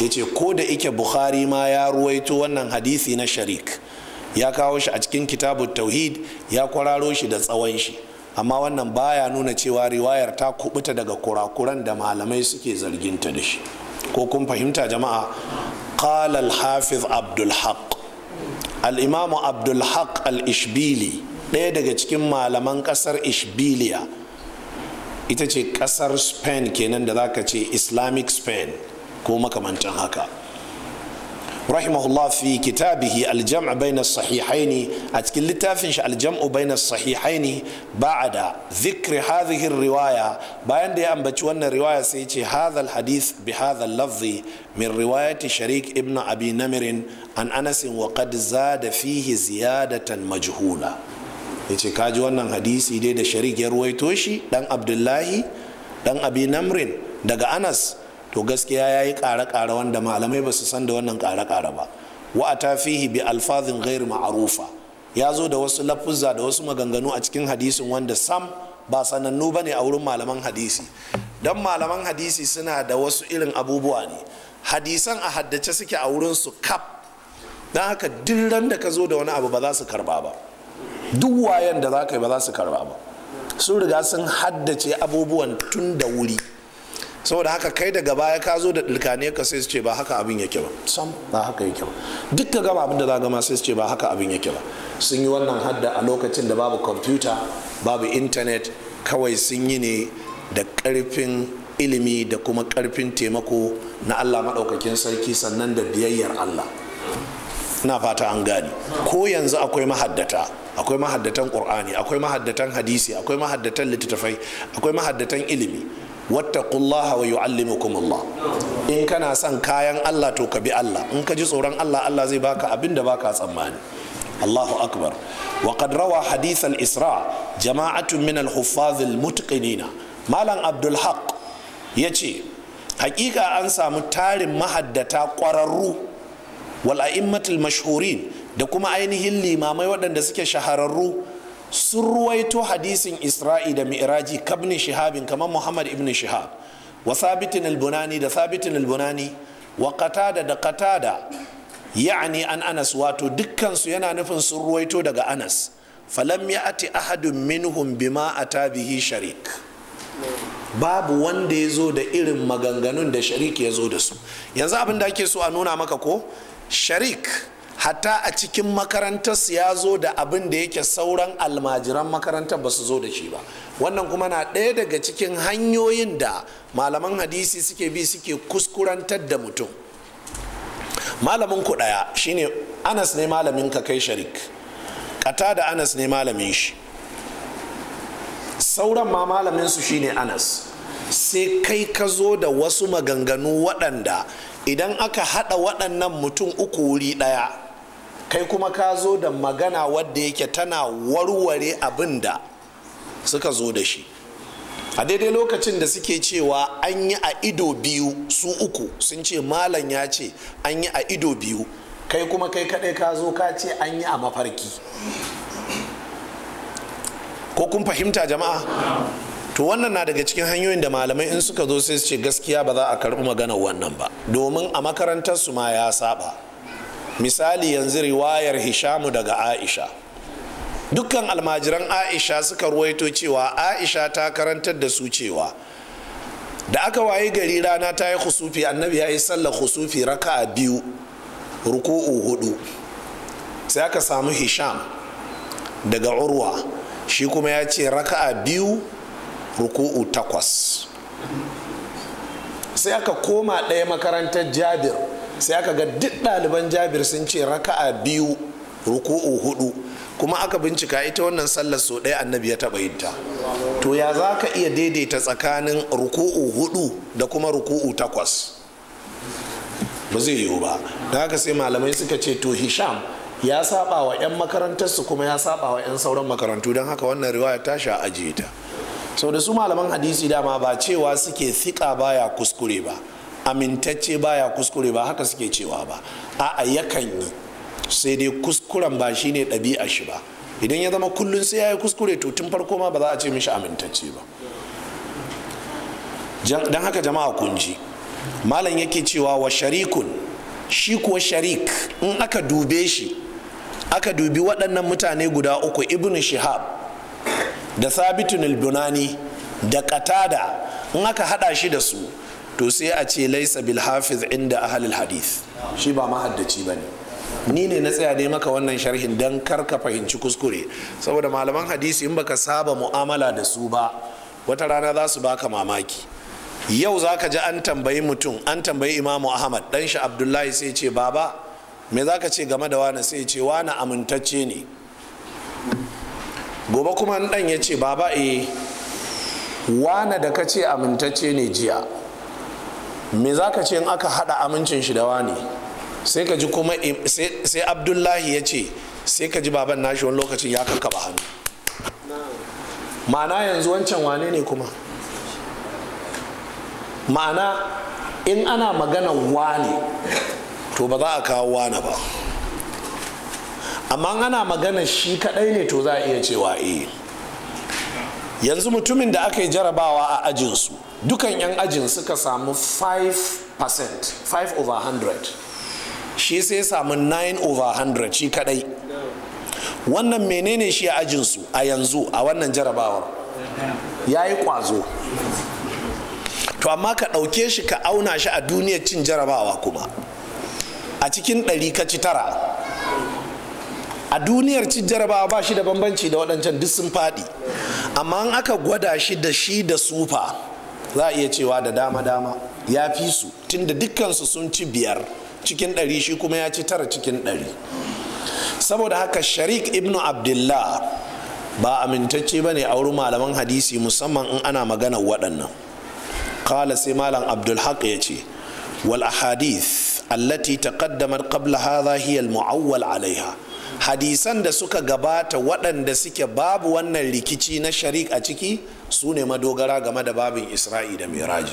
yace ko da ike bukhari ma ya ruwaito wannan hadisi na sharik ya kawo shi a cikin kitabu tauhid ya kwararo shi da tsawon shi amma wannan baya nuna cewa riwayar ta kubuta daga kurakuran da malamai suke zarginta da shi ko kun fahimta jama'a qala al-hafiz abdul haqq al'imamu abdulhaq al-ishbili ɗaya daga cikin malaman ƙasar ishbiliya ita ce ƙasar spain kenan da za ka ce islamic spain ko makamantan haka rahimahullah fi kitabihi aljam' bayna ne a cikin littafin shi aljam'u bayna sahihaini ba'ada zikri hadhihi riwaya bayan da ya ambaci wannan riwaya sai ce hadal hadith bi hadha lafzi min riwayati sharik ibn abi namirin an anas wa qad zada fihi ziyadatan majhula yace kaji wannan hadisi dai da sharik ya ruwaito shi dan abdullahi dan abi namrin daga anas to gaskiya ya yi ƙare-ƙare wanda malamai ba su san da wannan ƙare-ƙare ba wa a tafihi bi alfazin ghair ma'arufa ya zo da wasu lafuzza da wasu maganganu a cikin hadisin wanda sam ba sanannu ba ne a wurin malaman hadisi don malaman hadisi suna da wasu irin abubuwa ne hadisan a haddace suke a wurin su kap. don haka duk ran da ka zo da wani abu ba za su karba ba duk wayan da za ka yi ba za su karba ba sun riga sun haddace abubuwan tun da wuri saboda haka kai daga baya ka zo da dilkane ka sai su ce ba haka abin yake ba sam ba haka yake ba duk ka gama abin da za gama sai su ce ba haka abin yake ba sun yi wannan hadda a lokacin da babu kwamfuta babu intanet kawai sun yi ne da karfin ilimi da kuma karfin taimako na allah maɗaukakin sarki sannan da biyayyar allah na fata an gani ko yanzu akwai mahaddata akwai mahaddatan ƙur'ani akwai mahaddatan hadisi akwai mahaddatan littattafai akwai mahaddatan ilimi Wata wattaqullaha wa yu'allimukumullah in kana son kayan Allah to ka bi Allah in ka ji tsoron Allah Allah zai baka abin da baka tsammani Allahu akbar wa qad rawa hadith isra jama'atun minal al-huffaz malam abdul haq ce hakika an samu tarin mahaddata ƙwararru wal a'immatul mashhurin da kuma ainihin limamai waɗanda suke shahararru sun ruwaito hadisin isra'i da mi'raji kabni shihabin kamar muhammad ibn shihab wa sabitin albunani da sabitin albunani wa qatada da qatada ya'ani an anas wato dukkansu yana nufin sun ruwaito daga anas falam ya ati ahadun minhum bima ata bihi sharik babu wanda ya zo da irin maganganun da sharik ya zo da su yanzu abin da ake so a nuna maka ko sharik hatta a cikin makarantarsu ya zo da abin da yake sauran almajiran makarantar ba su zo da shi ba wannan kuma na ɗaya daga cikin hanyoyin da malaman hadisi suke bi suke kuskurantar da mutum malamin ku ɗaya shine anas ne malamin ka kai sharik kata da anas ne malamin shi sauran ma malamin su shine anas sai kai ka zo da wasu maganganu waɗanda idan aka haɗa waɗannan mutum uku wuri ɗaya kai kuma ka zo da magana wadda yake tana warware abin da suka zo da shi a daidai lokacin da suke cewa an yi a ido biyu su uku sun ce malam ya ce an yi a ido biyu kai kuma kai kaɗai ka zo ka ce an yi a mafarki ko kun fahimta jama'a to wannan na daga cikin hanyoyin da malamai in suka zo sai su ce gaskiya ba za a karɓi maganar wannan ba domin a makarantar su ma ya saba misali yanzu riwayar hishamu daga aisha dukkan almajiran aisha suka ruwaito cewa aisha ta karantar da su cewa da aka waye gari rana ta yi kusufi annabi ya yi sallar kusufi raka'a biyu ruku'u hudu sai aka samu hisham daga urwa shi kuma ya ce raka'a biyu ruku'u takwas sai aka koma ɗaya makarantar jabir sai aka ga duk ɗaliban jabir sun ce raka'a biyu ruku'u hudu kuma aka bincika ita wannan sallar so ɗaya annabi ya taɓa yinta to ya za ka iya daidaita tsakanin ruku'u hudu da kuma ruku'u takwas ba zai yiwu ba da haka sai malamai suka ce to hisham ya saba wa 'yan makarantarsu kuma ya saba wa 'yan sauran makarantu don haka wannan riwaya ta sha ajiye ta sau da su malaman hadisi dama ba cewa suke fiƙa baya kuskure ba amintacce baya kuskure ba haka suke cewa ba a'a yakan yi sai dai kuskuren ba shine ɗabi'a shi ba idan ya zama kullum sai ya yi kuskure to tun farko ma ba za a ce mishi amintacce ba don haka jama'a kunji malam yake cewa wa sharikun shi kuwa sharik in aka dube shi aka dubi waɗannan mutane guda uku ibn shihab da sabitun albunani da katada in aka hada shi da su to sai a ce laisa bil hafiz inda halin hadith shi ba mahaddaci ba ne ni ne na tsaya ne maka wannan sharhin don kar ka fahimci kuskure saboda malaman hadisi in baka saba mu'amala da su ba wata rana za su baka mamaki yau za ka ji an tambayi mutum an tambayi imamu ahmad dan shi abdullahi sai ce baba me za ka ce game da wani sai ce wani amintacce ne gobe kuma dan ya ce baba e eh, wani da ka ce amintacce ne jiya me za ka ce in aka haɗa amincin shi da wani sai ka ji kuma sai abdullahi ya ce sai ka ji baban nashi wani lokacin ya ba hannu ma'ana yanzu wancan wane ne kuma ma'ana in ana magana wane to ba za a kawo wane ba amma ana magana shi kadai ne to za a iya cewa eh yanzu mutumin da aka yi jarabawa a ajinsu dukan 'yan ajin suka samu 5% 5 over 100 shi sai samu 9 over 100 shi kadai wannan menene shi a su a yanzu a wannan jarabawar ya yi kwazo to amma ka ɗauke shi ka auna shi a duniyar cin jarabawa kuma a cikin ɗari ka ci tara a duniyar cin jarabawa ba shi da bambanci da waɗancan duk sun faɗi amma an aka gwada shi da shi da sufa za a iya cewa da dama dama ya fi su tunda dukkansu sun ci biyar cikin ɗari shi kuma ya ci tara cikin ɗari saboda haka sharik ibnu abdullah ba amintacce ba ne a wurin malaman hadisi musamman in ana magana waɗannan kala sai malam abdulhaq ya ce wal ahadith allati taqaddamat qabla hadha hiya al mu'awwal alaiha hadisan da suka gabata waɗanda suke babu wannan rikici na sharik a ciki su ne madogara game da babin isra'i da miraji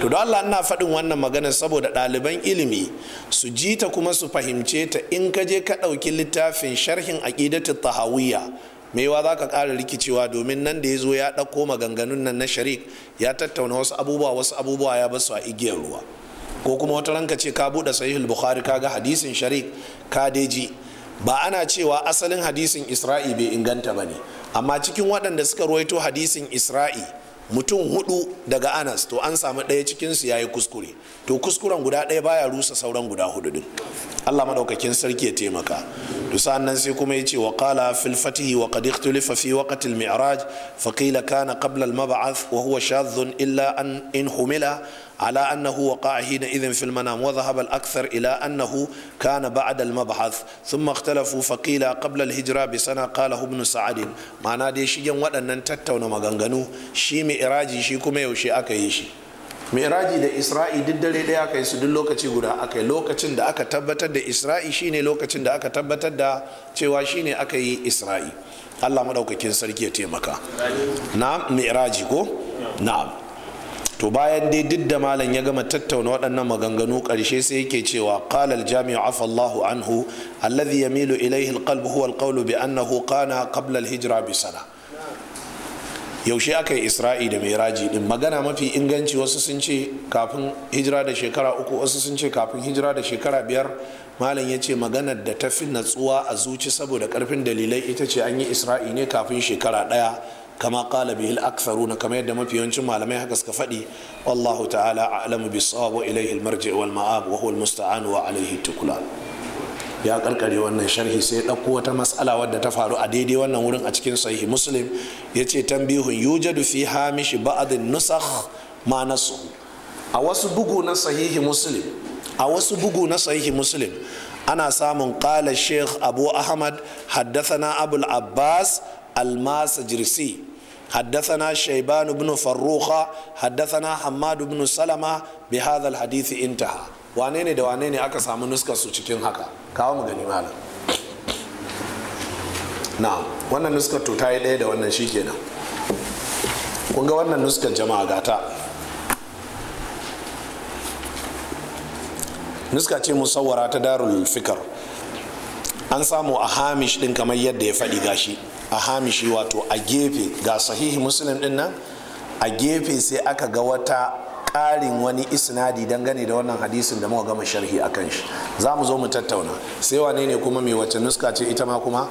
to don allah ina faɗin wannan magana saboda ɗaliban ilimi su ji ta kuma su fahimce ta in ka je ka ɗauki littafin sharhin aƙidatu tahawiyya maiwa za ka ƙara rikicewa domin nan da ya zo ya ɗauko maganganun nan na sharik ya tattauna wasu abubuwa wasu abubuwa ya basu a igiyar ruwa ko kuma wata ranka ce ka buɗe sahihul bukhari ka ga hadisin sharik ka deji ba ana cewa asalin hadisin isra'i bai inganta ba ne amma cikin waɗanda suka ruwaito hadisin isra'i mutum hudu daga anas to an samu ɗaya cikinsu ya yi kuskure to kuskuren guda ɗaya baya rusa sauran guda hudu din allah maɗaukakin sarki ya taimaka to nan sai kuma ya ce wa qala fil fatihi wa qad ikhtulifa fi waqti mi'raj fa qila kana qabla al mab'ath wa huwa shadhun illa an in humila Ala'annahu أنه وقع حينئذ في المنام وذهب الأكثر إلى أنه كان بعد المبحث ثم اختلفوا فقيل قبل الهجرة بسنة قاله ابن سعد معناه دي شي waɗannan tattauna maganganu shi mi'raji shi kuma yaushe aka yi shi mi'raji da isra'i duk dare ɗaya aka yi su duk lokaci guda aka lokacin da aka tabbatar da isra'i shine lokacin da aka tabbatar da cewa shine aka yi isra'i allah maɗaukakin sarki ya taimaka na mi'raji ko na'am to bayan dai duk da malam ya gama tattauna waɗannan maganganu ƙarshe sai yake cewa qala al afallahu anhu alladhi yamilu ilayhi al-qalb huwa al bi annahu kana qabla al-hijra bi sana yaushe aka yi isra'i da miraji din magana mafi inganci wasu sun ce kafin hijira da shekara uku wasu sun ce kafin hijira da shekara biyar malam ya ce maganar da ta fi natsuwa a zuci saboda karfin dalilai ita ce an yi isra'i ne kafin shekara ɗaya kama kala bihil al-aktharuna kama yadda mafi yawancin malamai haka suka faɗi wallahu ta'ala a'lamu bi sawab wa ilayhi al wal ma'ab wa huwa wa alayhi tukla ya karkare wannan sharhi sai ɗauko wata matsala wadda ta faru a daidai wannan wurin a cikin sahihi muslim ya ce tambihun yujadu fi hamishi ba'adin nusakh ma nasu a wasu bugu na sahihi muslim a wasu bugu na sahihi muslim ana samun ƙala sheikh abu ahmad haddasa na abul abbas almasa jirsi حدثنا شيبان بن فروخة حدثنا حماد بن سلمة بهذا الحديث انتهى وانين دوانين أكا سامو نسكا سوچكين cikin كاوم غني مالا نعم وانا نسكا wannan دي دا وانا شيكينا kunga wannan nuskan jama'a gata nuska ce musawara ta darul an samu a hamish din kamar yadda ya faɗi gashi a hamishi wato a gefe ga sahihi muslim din nan a gefe sai aka ga wata ƙarin wani isnadi dangane da wannan hadisin da muka gama sharhi a kan shi za mu zo mu tattauna sai wane ne kuma mai wace nuska ce ita ma kuma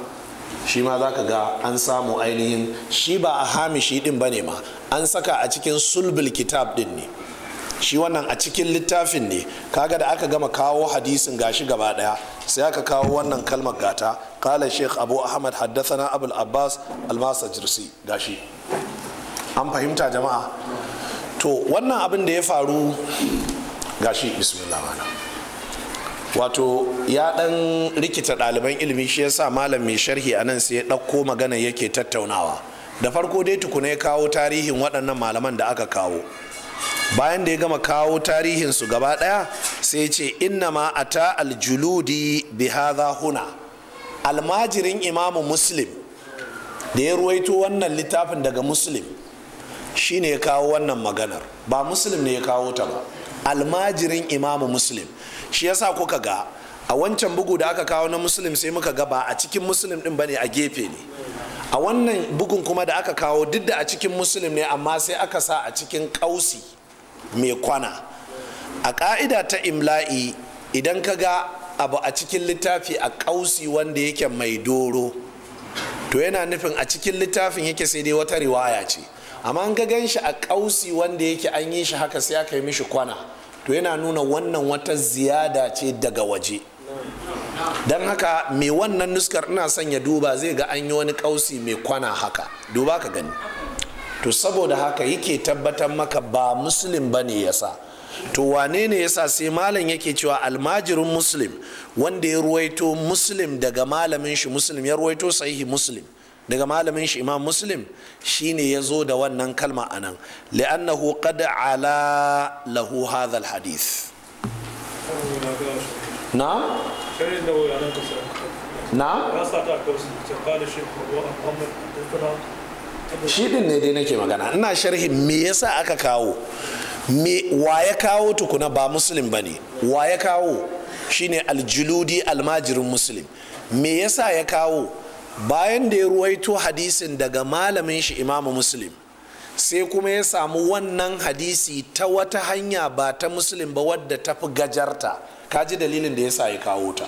shi ma za ka ga an samu ainihin shi ba a hamishi din ba ne ma an saka a cikin sulbil kitab din ne shi wannan a cikin littafin ne kaga da aka gama kawo hadisin gashi gaba daya sai aka kawo wannan kalmar gata kala sheikh abu ahmad haddathana abul abbas almasa jirsi gashi an fahimta jama'a to wannan abin da ya faru gashi bismillah wato ya dan rikita ɗaliban ilimi shi yasa malam mai sharhi a nan sai ya ɗauko magana yake tattaunawa da farko dai tukuna ya kawo tarihin waɗannan malaman da aka kawo bayan da ya gama kawo tarihinsu gaba ɗaya sai ce inna ma ata aljuludi bi hadha huna almajirin imamu muslim da ya ruwaito wannan littafin daga muslim shi ya kawo wannan maganar ba muslim ne ya kawo ta ba almajirin imamu muslim shi yasa kuka ga a wancan bugu da aka kawo na muslim sai muka ga ba a cikin muslim din bane a gefe ne a wannan bugun kuma da aka kawo duk da a cikin musulun ne amma sai aka sa a cikin kausi mai kwana a ka'ida ta imla'i idan ka ga abu a cikin littafi a kausi wanda yake mai doro to yana nufin a cikin littafin yake sai dai wata riwaya ce amma an ga gan shi a kausi wanda yake an yi shi haka sai aka yi mishi kwana to yana nuna wannan wata ziyada ce daga waje don haka mai wannan nuskar ina sanya duba zai ga an yi wani kausi mai kwana haka duba ka gani to saboda haka yake tabbatar maka ba musulun ba ne yasa to wane ne yasa sai malam yake cewa almajirin musulun wanda ya ruwaito musulun daga malamin shi musulun ya ruwaito sahihi musulun daga malamin shi imam muslim shine ya zo da wannan kalma a nan li'annahu qad ala lahu hadha hadith na na? shi din ne dai nake magana ina sharhi me yasa aka kawo me wa ya kawo tukuna ba musulun ba ne wa ya kawo shine aljuludi almajirin musulun me yasa ya kawo bayan da ya ruwaito hadisin daga malamin shi imamu muslim sai kuma ya samu wannan hadisi ta wata hanya ba ta muslim ba wadda ta fi gajarta Ka ji dalilin da ya sa ya kawo ta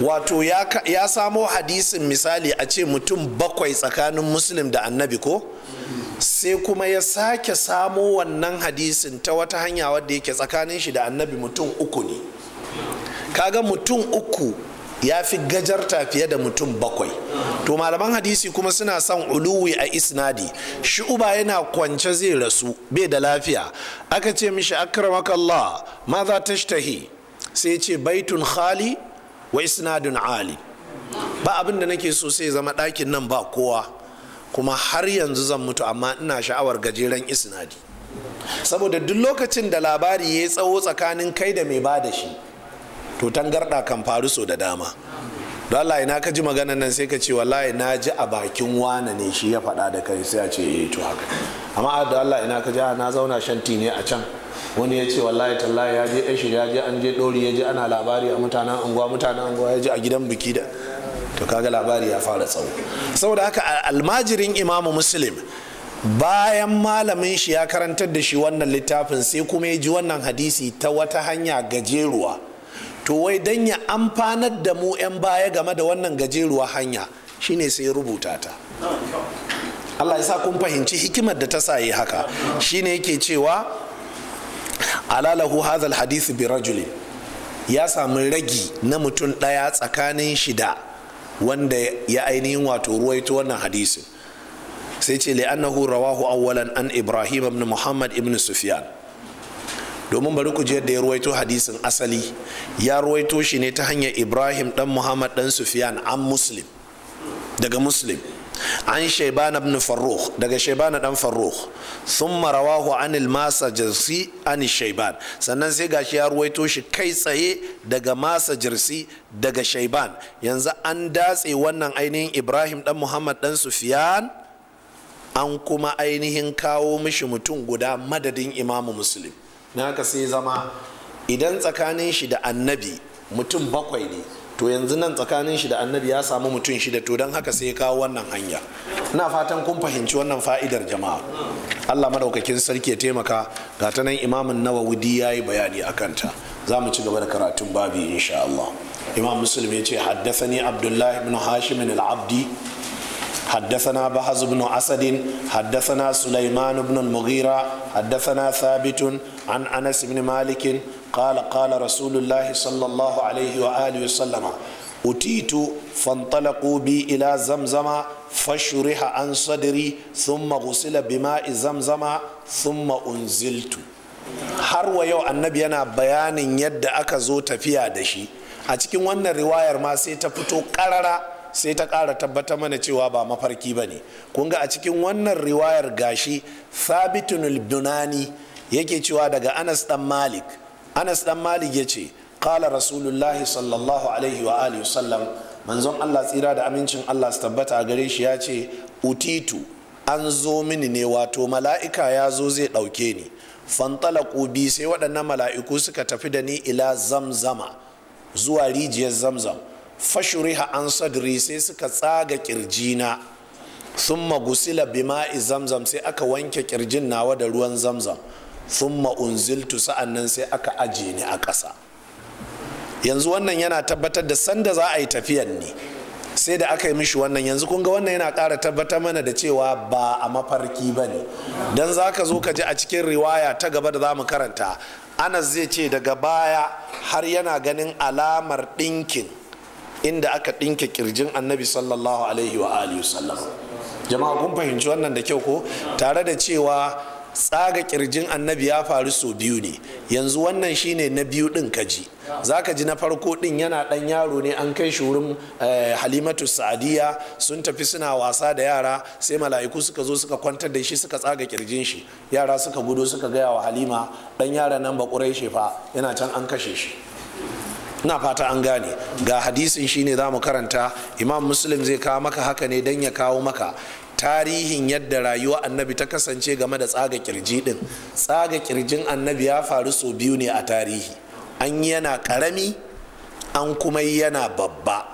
wato ya samo hadisin misali a ce mutum bakwai tsakanin muslim da annabi ko sai kuma ya sake samo wannan hadisin ta wata hanya wadda yake tsakanin shi da annabi mutum uku ne kaga mutum uku ya fi gajarta fiye da mutum bakwai to malaman hadisi kuma suna son uluwi a isnadi shu'uba yana kwance zai rasu bai da lafiya aka ce mishi Allah ma za shtahi. sai ce baitun khali wa isnadun ali ba abin da nake so sai zama ɗakin nan ba kowa kuma har yanzu zan mutu amma ina sha'awar gajeren isnadi saboda duk lokacin da labari ya yi tsawo tsakanin kai da mai ba da shi to tangarɗa kan faru so da dama don Allah ina ka ji maganan nan sai ka ce wallahi na ji a bakin wane ne shi ya faɗa da kai sai a ce eh to haka amma da Allah ina ka ji ah, na zauna shanti ne a can wani ya ce wallahi tallahi ya je shi ya je an je ɗori ya je ana labari a mutanen unguwa mutanen unguwa ya je a gidan biki da to kaga labari ya fara tsawo saboda haka almajirin imamu muslim bayan malamin shi ya karantar da shi wannan littafin sai kuma ya ji wannan hadisi ta wata hanya gajeruwa to wai don ya amfanar da mu 'yan baya game da wannan gajeruwa hanya shine sai ya rubuta ta Allah ya sa kun fahimci hikimar da ta sayi haka shine yake cewa alalahu hazal hadisi bi rajuli ya samu ragi na mutum ɗaya tsakanin shida wanda ya ainihin wato ruwaito wannan hadisin sai ce li'annahu rawahu awwalan an ibrahim ibn muhammad ibn sufyan domin bari ku je da ya ruwaito hadisin asali ya ruwaito shi ne ta hanyar ibrahim dan muhammad dan sufyan an muslim daga muslim an shaiban ibn farrukh daga shaiban dan farrukh thumma rawahu an masa jirsi an shaiban sannan sai gashi ya ruwaito shi kai tsaye daga masa jirsi daga shaiban yanzu an datse wannan ainihin ibrahim dan muhammad dan sufyan an kuma ainihin kawo mishi mutum guda madadin imamu muslim Naka sai zama idan tsakanin shi da annabi mutum bakwai ne to yanzu nan tsakanin shi da annabi ya samu mutum shida to don haka sai ya kawo wannan hanya Ina fatan kun fahimci wannan fa'idar jama'a allah madaukakin sarki ya taimaka ga ta nan imamun nawawudi ya yi bayani a kanta za mu ci gaba da karatun babi insha allah imam muslim ya ce haddasa ni abdullahi ibn hashim al-abdi حدثنا بهز بن أسد حدثنا سليمان بن المغيرة حدثنا ثابت عن أنس بن مالك قال قال رسول الله صلى الله عليه وآله وسلم أتيت فانطلقوا بي إلى زمزم فشرح عن صدري ثم غسل بماء زمزم ثم أنزلت har wa yau annabi yana bayanin yadda aka zo tafiya da shi a cikin wannan riwayar ma sai ta fito ƙarara sai ta ƙara tabbata mana cewa ba mafarki ba ne kun ga a cikin wannan riwayar gashi thabitun dunani yake cewa daga anas dan malik anas dan malik ya ce kala rasulullahi sallallahu alaihi wa alihi sallam manzon allah tsira da amincin allah su tabbata a gare shi ya ce utitu an zo mini ne wato mala'ika ya zo zai ɗauke ni fantala bi sai waɗannan mala'iku suka tafi da ni ila zamzama zuwa rijiyar zamzam fashuriha an sadri sai suka tsaga kirji kirjina sun gusila bima'i zamzam sai aka wanke kirjin nawa da ruwan zamzam thumma unziltu sa'annan sai aka aje ni a ƙasa yanzu wannan yana tabbatar da sanda za a yi tafiyan ne sai da aka yi mishi wannan yanzu kun ga wannan yana ƙara tabbatar mana da cewa ba a mafarki ba ne don za ka zo ka ji a cikin riwaya ta gaba da za mu karanta anas zai ce daga baya har yana ganin alamar ɗinkin inda aka ɗinke kirjin annabi sallallahu alaihi wa alihi sallam jama'a kun fahimci wannan da kyau ko tare da cewa tsaga kirjin annabi ya faru sau biyu ne yanzu wannan shine na biyu din kaji zaka ji na farko din yana dan yaro ne an kai shi wurin eh, halimatu sa'adiyya sun tafi suna wasa da yara sai mala'iku suka zo suka kwantar da shi suka tsaga kirjin shi yara suka gudo suka gaya wa halima dan yara nan ba kurai fa yana can an kashe shi Ina fata an gane ga hadisin shine za mu karanta imam muslim zai kawo maka haka ne don ya kawo maka tarihin yadda rayuwa annabi ta kasance game da tsaga kirji din tsaga kirjin annabi ya faru sau biyu ne a tarihi an yana karami an kuma yana babba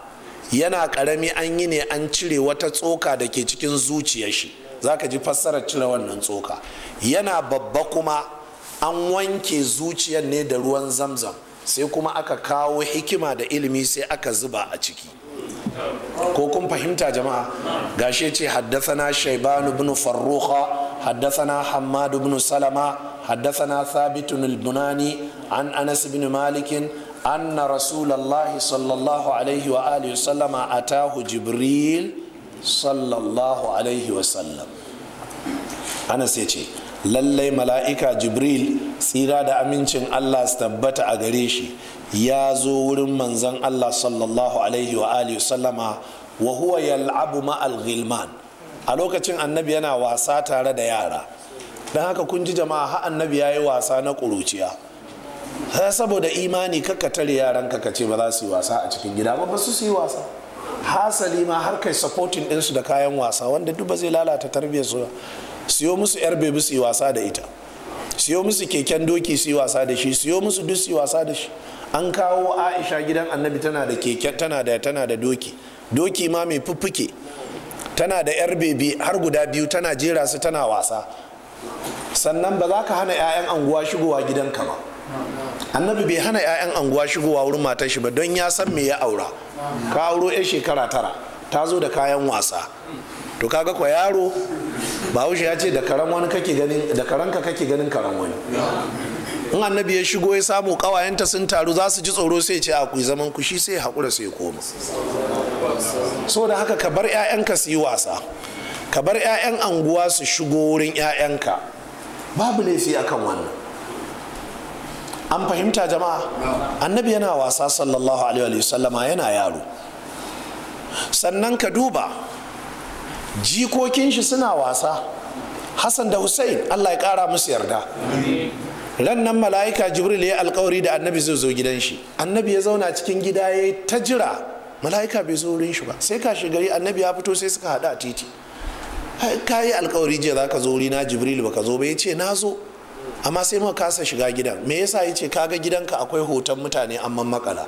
yana karami an yi ne an cire wata tsoka da ke cikin zuciya shi zaka ji fassarar cire wannan tsoka yana babba kuma an wanke zuciyar ne da ruwan zamzam sai kuma aka kawo hikima da ilimi sai aka zuba a ciki ko kun fahimta jama'a gashe ce haddasana shaibanu ibn farruha na hammadu bin salama haddathana thabit al-bunani an anas Malikin, an anna Rasulallah sallallahu alaihi wa alihi wa sallama atahu jibril sallallahu alaihi wa sallam anas ya ce lallai mala'ika jibril tsira da amincin allah su tabbata a gare shi ya zo wurin manzan allah sallallahu alaihi wa alihi sallama wa huwa yal'abu ma'al ghilman a lokacin annabi yana wasa tare da yara don haka kun ji jama'a ha annabi ya yi wasa na ƙuruciya ha saboda imani kaka tare yaran ka ce ba za su yi wasa a cikin gida ba ba su yi wasa hasali ma har kai supporting ɗinsu da kayan wasa wanda duk ba zai lalata tarbiyyar su siyo musu yar bebi su yi wasa da ita siyo musu keken doki su yi wasa da shi siyo musu duk su yi wasa da shi an kawo aisha gidan annabi tana da keken tana da tana da doki doki ma mai fuffuke tana da yar bebi har guda biyu tana jera su tana wasa sannan ba za ka hana 'ya'yan anguwa shigowa gidanka ba annabi bai hana 'ya'yan anguwa shigowa wurin matar shi ba don ya san me ya aura ka auro 'yan shekara tara ta zo da kayan wasa to kaga kwa yaro bahaushe ya ce da karan wani kake ganin da karanka kake ganin karan wani in annabi ya shigo ya samu kawayenta sun taru za su ji tsoro sai ce a zaman kushi shi sai haƙura sai koma so da haka ka bar 'ya'yanka su yi wasa ka bar 'ya'yan anguwa su shigo wurin 'ya'yanka babu laifi akan wannan an fahimta jama'a annabi yana wasa sallallahu alaihi wasallama yana yaro sannan ka duba jikokin shi suna wasa hassan da hussein allah ya kara musu yarda ran nan mala'ika jibril ya alkawari da annabi zai zo gidan shi annabi ya zauna cikin gida ya ta jira mala'ika bai zo wurin shi ba sai ka gari annabi ya fito sai suka haɗu a titi ka yi alkawari jiya za ka zo wuri na jibril ba ka zo ba ya ce na zo amma sai muka kasa shiga gidan me yasa ya ce kaga gidanka akwai hoton mutane amma makala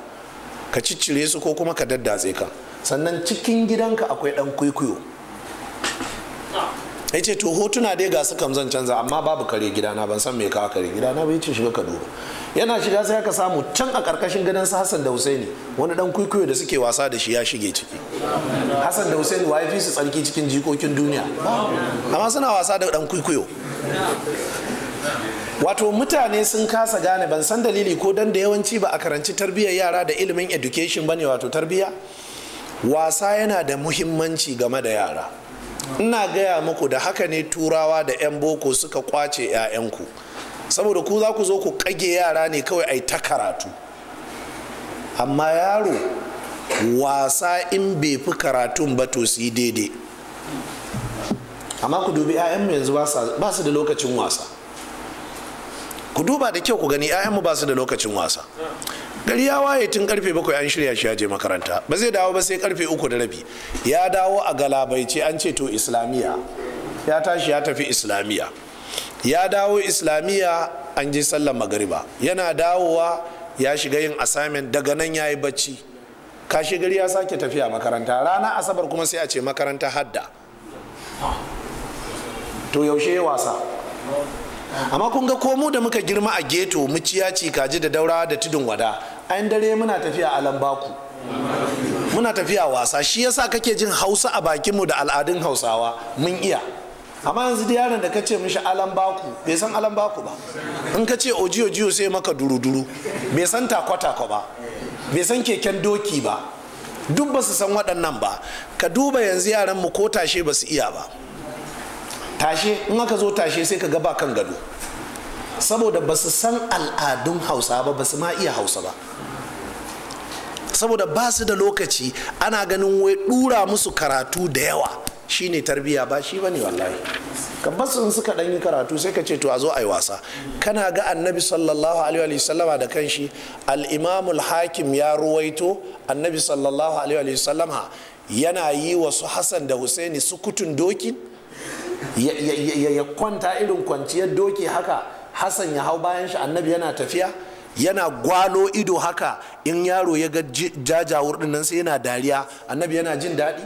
ka ciccire su ko kuma ka daddatse ka sannan cikin gidanka akwai dan kwaikwayo ya ce to hotuna dai ga su kam zan canza amma babu kare gidana ban san me ka kare gidana ba ce shiga ka yana shiga sai aka samu can a karkashin gidan su Hassan da Husaini wani dan kwaikwayo da suke wasa da shi ya shige ciki Hassan da Husaini wa fi su tsarki cikin jikokin duniya amma suna wasa da dan kwaikwayo wato mutane sun kasa gane ban san dalili ko dan da yawanci ba a karanci tarbiyyar yara da ilimin education bane wato tarbiyya wasa yana da muhimmanci game da yara ina gaya muku da haka ne turawa da 'yan boko suka kwace 'ya'yanku saboda ku za ku zo ku kage yara ne kawai ai ta karatu amma yaro wasa in bai fi karatun ba to su yi daidai amma ku dubi mu yanzu ba su da lokacin wasa ku duba da kyau ku gani mu ba su da lokacin wasa gari ya waye tun karfe bakwai an shirya shi ya je makaranta ba zai dawo ba sai karfe uku da rabi ya dawo a galabaice an ce to islamiyya ya tashi ya tafi islamiyya ya dawo islamiyya an je sallar magariba yana dawowa ya shiga yin assignment daga nan ya yi bacci kashi gari ya sake tafiya makaranta rana asabar kuma sai a ce makaranta hadda to yaushe wasa amma kun ga komu da muka girma a geto mu ciyaci kaji da daura da tudun wada ayin dare muna tafiya a lambaku muna tafiya wasa shi yasa kake jin hausa a bakinmu da al'adun hausawa mun iya amma yanzu da yaron da kace ce mishi alan baku bai san alan baku ba in ka ce ojiyo jiyo sai maka duru duru bai san takwa ba bai san keken doki ba duk ba su san waɗannan ba ka duba yanzu yaran mu ko tashe ba su iya ba tashe in aka zo tashe sai ka ga ba kan gado saboda ba su san al'adun hausa ba ba su ma iya hausa ba saboda ba su da lokaci ana ganin wai dura musu karatu da yawa shine tarbiya ba shi bane wallahi ka basu suka dan yi karatu sai ka ce to a zo a yi wasa kana ga annabi sallallahu alaihi wa da kanshi al-imamul hakim ya ruwaito annabi sallallahu alaihi wa yana yi wa su hasan da husaini kutun dokin ya kwanta irin kwanciyar doki haka hassan ya hau bayan shi annabi yana tafiya yana gwalo ido haka in yaro ya ga jajawar dinnan sai yana dariya annabi yana jin daɗi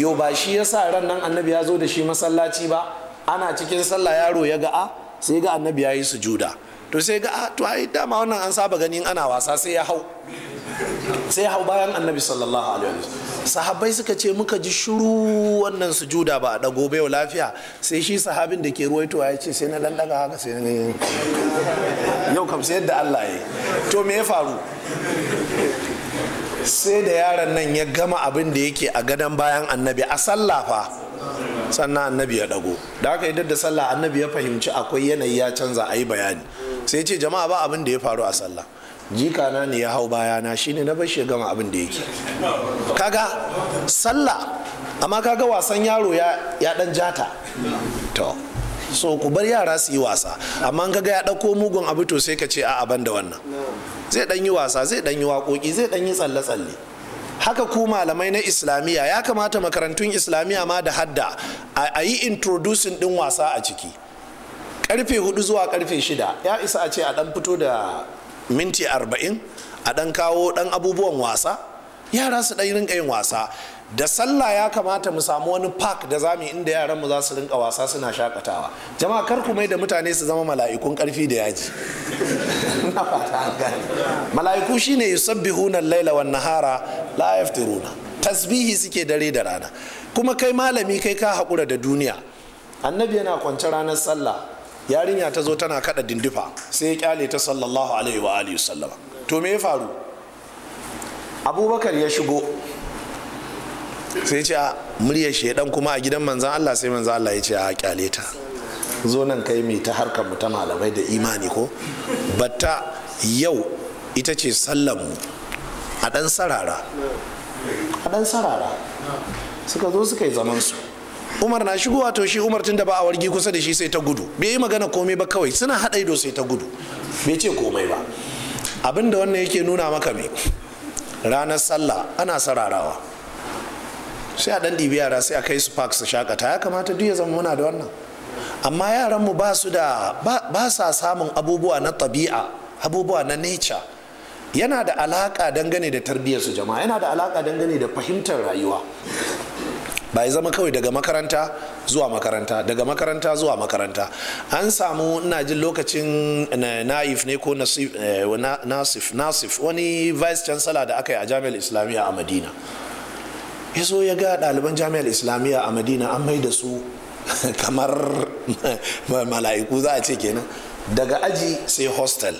yau ba shi ya sa ran nan annabi ya zo da shi masallaci ba ana cikin sallah yaro ya ga a sai ga annabi ya yi sujuda to sai ga a to ai dama wannan an saba ganin ana wasa sai ya hau sai hau bayan annabi sallallahu alaihi wasallam sahabbai suka ce muka ji shiru wannan sujuda ba a da gobe lafiya sai shi sahabin da ke ruwaitowa ya ce sai na dan daga haka sai na yau kam sai yadda Allah ya to me ya faru sai da yaron nan ya gama abin da yake a gadon bayan annabi a sallafa. sannan annabi ya dago da haka idan da sallah annabi ya fahimci akwai yanayi ya canza a yi bayani sai ce jama'a ba abin da ya faru a sallah jikana ne ya hau bayana shine na bashi ya gama abin da yake kaga sallah amma kaga wasan yaro ya dan jata to so ku bar yara su yi wasa amma kaga ya dauko mugun abu to sai ka ce a'a ban da wannan zai dan yi wasa zai dan yi waƙoƙi zai dan yi tsalle-tsalle haka ku malamai na islamiyya ya kamata makarantun islamiyya ma da hadda a yi introducing din wasa a ciki karfe hudu zuwa karfe shida ya isa a ce a dan fito da minti arba'in a ɗan kawo ɗan abubuwan wasa yara su ɗan rinka yin wasa da sallah ya kamata mu samu wani park da zamu inda yaran mu za su rinka wasa suna shakatawa jama'a kar ku mai da mutane su zama mala'ikun karfi da yaji [LAUGHS] na fata mala'iku shine yusabbihuna al-laila wan nahara la yaftiruna tasbihi suke dare da rana kuma kai malami kai ka hakura da duniya annabi yana kwance ranar sallah yarinya ta zo tana kada dindifa sai ya kyale ta sallallahu alaihi wa alihi sallama to me ya faru abubakar ya shigo sai ce a muryar shaidan kuma a gidan manzan allah sai manzan allah ya ce a kyale ta zo nan kai mai ta harkar mu ta malamai da imani ko batta yau ita ce sallan mu a dan sarara a dan sarara suka zo suka yi zaman su umar na shigo to shi umar tun da ba a wargi kusa da shi sai ta gudu bai yi magana komai ba kawai suna haɗa ido sai ta gudu bai ce komai ba abin da wannan yake nuna maka me ranar sallah ana sararawa sai a ɗan ɗibi yara sai a kai su park su shakata ya kamata duk ya zama muna da wannan amma yaranmu ba su da ba sa samun abubuwa na tabi'a abubuwa na nature yana da alaka dangane da tarbiyyarsu jama'a yana da alaka dangane da fahimtar rayuwa ba ya zama kawai daga makaranta zuwa makaranta daga makaranta zuwa makaranta an samu ina jin lokacin eh, naif ne ko eh, nasif nasif wani vice chancellor da aka yi a jami'ar islamiyya a madina ya zo ya ga ɗaliban jami'ar islamiyya a madina an mai da su [LAUGHS] kamar [LAUGHS] mala'iku za a ce kenan daga aji sai hostel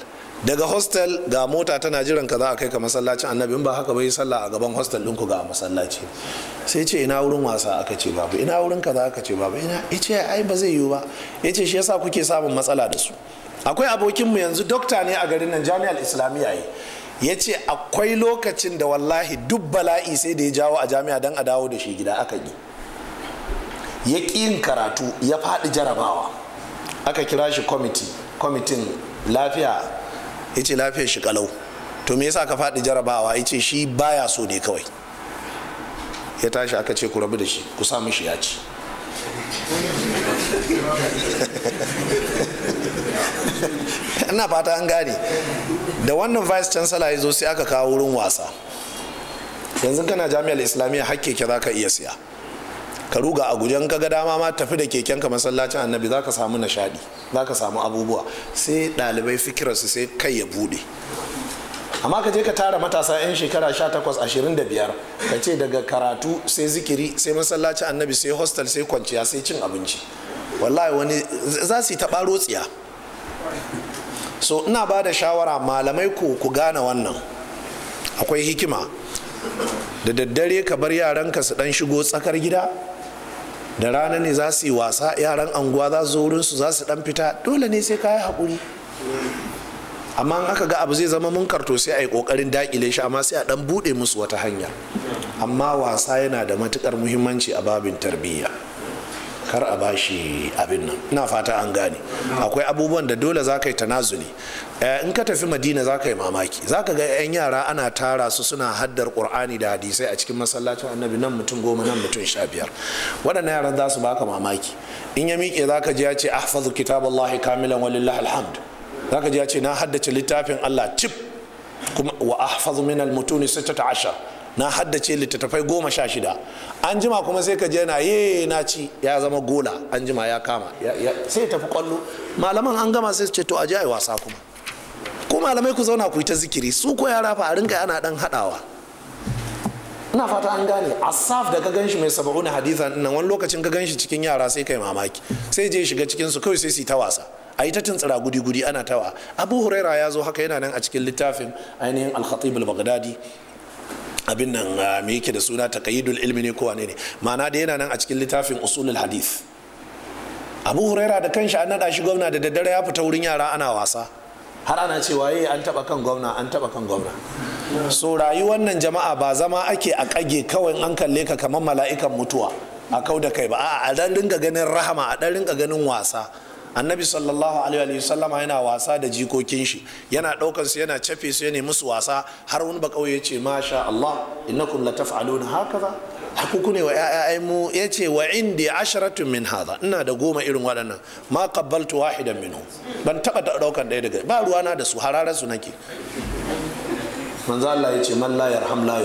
daga hostel ga mota tana jiran ka za a kai ka masallacin annabi in ba haka bai sallah a gaban hostel ɗinku ga masallaci sai ce ina wurin wasa aka ce babu ina wurin kaza aka ce babu ina ce ai ba zai yiwu ba Ya ce shi yasa kuke samun matsala da su akwai abokinmu yanzu dokta ne a garin nan jami'ar islamiyya yi ya ce akwai lokacin da wallahi duk bala'i sai da ya jawo a jami'a dan a dawo da shi gida aka yi ya ƙi karatu ya faɗi jarabawa aka kira shi kwamiti kwamitin lafiya yace ce lafiyar shi kalau to me yasa ka faɗi jarabawa ya ce shi baya so ne kawai ya tashi aka ce ku rabu da shi ku sa mishi ya ci [LAUGHS] ina fata an gane da wannan vice chancellor ya zo sai aka kawo wurin wasa yanzu kana jami'ar islamiyya hakke za ka iya siya ka ruga a gujen ka ga dama ma tafi da keken ka masallacin annabi za ka samu nishadi za ka samu abubuwa sai ɗalibai su sai kai ya bude amma ka je ka tara matasa 'yan shekara 18-25 ka ce daga karatu sai zikiri sai masallacin annabi sai hostel sai kwanciya sai cin abinci wallahi wani za su yi taɓaro tsiya so ina ba da shawara malamai ku ku gane wannan akwai hikima da daddare ka bar yaranka su dan shigo tsakar gida da rana ne za su yi wasa yaran anguwa za su wurin su za su dan fita dole ne sai ka yi haƙuri amma in aka ga abu zai zama mun karto sai a yi ƙoƙarin daƙile shi amma sai a dan buɗe musu wata hanya amma wasa yana da matuƙar muhimmanci a babin tarbiyya kar a bashi abin nan ina fata an gane akwai abubuwan da dole za ka yi tanazuli eh, in ka tafi madina za ka yi mamaki za ka ga 'yan yara ana tara su suna haddar qur'ani da hadisai a cikin masallacin annabi nan mutum goma nan mutum sha biyar waɗannan yaran za su baka mamaki in ya miƙe za ka ji ya ce ahfazu kitaballahi kamilan walillah alhamd za ka ji ya ce na haddace littafin allah tif kuma wa ahfazu min almutuni 16 na haddace littattafai goma sha shida an jima kuma sai ka je na ye na ci ya zama gola an jima ya kama sai tafi kwallo malaman an gama sai ce to a ai wasa kuma ko malamai ku zauna ku yi ta zikiri su ko yara fa a rinka ana dan hadawa ina fata an gane asaf da ka ganshi mai saba'una haditha nan wani lokacin ka ganshi cikin yara sai kai mamaki sai je shiga cikin su kawai sai su yi ta wasa a yi ta tuntsira gudi gudi ana tawa abu huraira ya zo haka yana nan a cikin littafin ainihin al-khatib abin nan ah, me yake da suna taqayyidul ilmi ne ko wane ne ma'ana da yana nan a cikin littafin usulul hadith abu huraira da kanshi an naɗa shi gwamna da daddare ya fita wurin yara ana wasa har ana cewa yi eh, an taɓa kan gwamna an taɓa kan gwamna so rayuwar nan jama'a ba zama ake a kage kawai an kalle ka kamar mala'ikan mutuwa a kau da kai ba a dan dinga ganin rahama a dan dinga ganin wasa annabi sallallahu alaihi wa sallama yana wasa da jikokin shi yana daukan su yana cafe su yana musu wasa har wani ba kauye ce masha Allah innakum la taf'aluna hakaza hakuku ne wa ƴaƴan mu yace wa indi asharatun min hadha ina da goma irin waɗannan ma qabbaltu wahidan minhu ban taba ɗaukan ɗaya daga ba ruwa na da su hararar su nake manzo Allah yace man la yarham la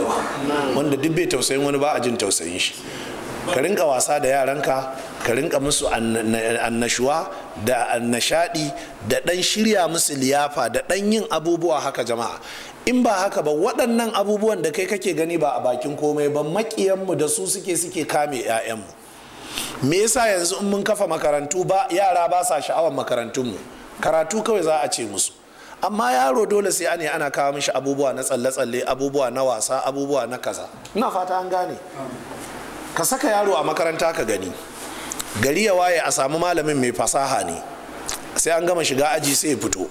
wanda duk bai tausayin wani ba a jin tausayin shi ka rinka wasa da yaranka ka rinka musu annashuwa da annashadi da ɗan shirya musu liyafa da ɗan yin abubuwa haka jama'a in ba haka ba waɗannan abubuwan da kai kake gani ba a bakin komai ba maƙiyanmu da su suke suke kame 'ya'yanmu me yasa yanzu in mun kafa makarantu ba yara ba sa sha'awar makarantunmu karatu kawai za a ce musu amma yaro dole sai ane ana kawo mishi abubuwa na tsalle-tsalle abubuwa na wasa abubuwa na kaza ina fata an gane ka saka yaro a makaranta ka gani gari ya waye a samu malamin mai fasaha ne sai an gama shiga aji sai ya fito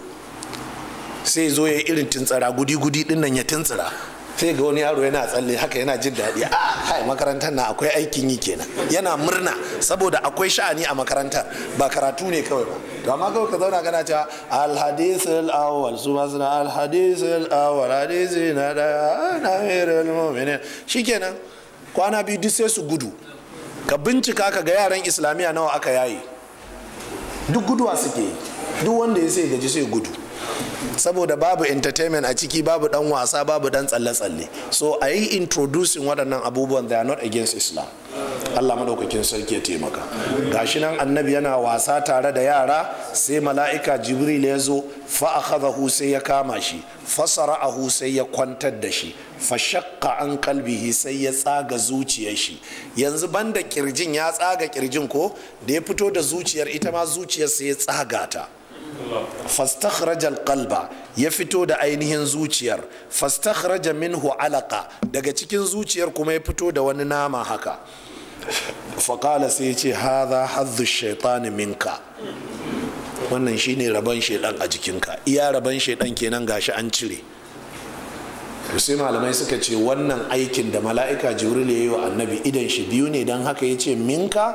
sai zo ya irin tuntsara gudi-gudi din nan ya tuntsara sai ga wani yaro yana tsalle haka yana jin daɗi a ah, kai makarantar na akwai aikin yi kenan yana murna saboda akwai sha'ani a makarantar ba karatu ne kawai ba to amma kawai ka zauna kana cewa alhadisul awwal su ma suna alhadisul awwal hadisi na da na mu'minin shikenan kwana biyu duk sai su gudu ka bincika ka ga yaran islamiyya nawa aka yaye duk guduwa suke duk wanda ya sai gaji sai gudu saboda babu entertainment a ciki babu dan wasa babu dan tsalle-tsalle so a yi introducing waɗannan abubuwan they are not against islam Allah madaukakin sarki ya taimaka gashi nan annabi yana wasa tare da yara sai mala'ika jibril ya zo fa akhadahu sai ya kama shi fa a sai ya kwantar da shi fa shaqqa an qalbihi sai ya tsaga zuciyar shi yanzu banda kirjin ya tsaga kirjin ko da ya fito da zuciyar ita ma zuciyar sai ya tsaga ta fastakhraja alqalba ya fito da ainihin zuciyar Fastakraja minhu alaqa daga cikin zuciyar kuma ya fito da wani nama haka faƙala sai ya ce haza hazzu shaitani minka wannan shi ne rabon shaidan a jikinka iya rabon shaidan kenan gashi an cire sai malamai suka ce wannan aikin da mala'ika jibril ya yi wa annabi idan shi biyu ne don haka ya ce minka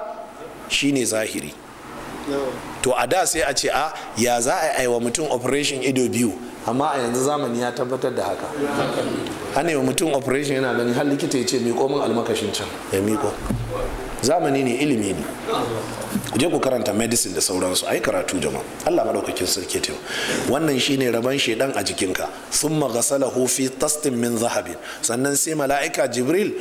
shi ne zahiri to a da sai a ce a ya za a aiwa mutum operation ido biyu amma a yanzu zamani ya tabbatar da haka an wa mutum operation yana gani har likita ya ce miko min almakashin can ya miko zamani ne ilimi ne ku je ku karanta medicine da sauransu ai karatu jama Allah maɗaukakin sarki tewa wannan shine raban shedan a jikinka Sun ghasalahu fi tastin min zahabin sannan sai mala'ika jibril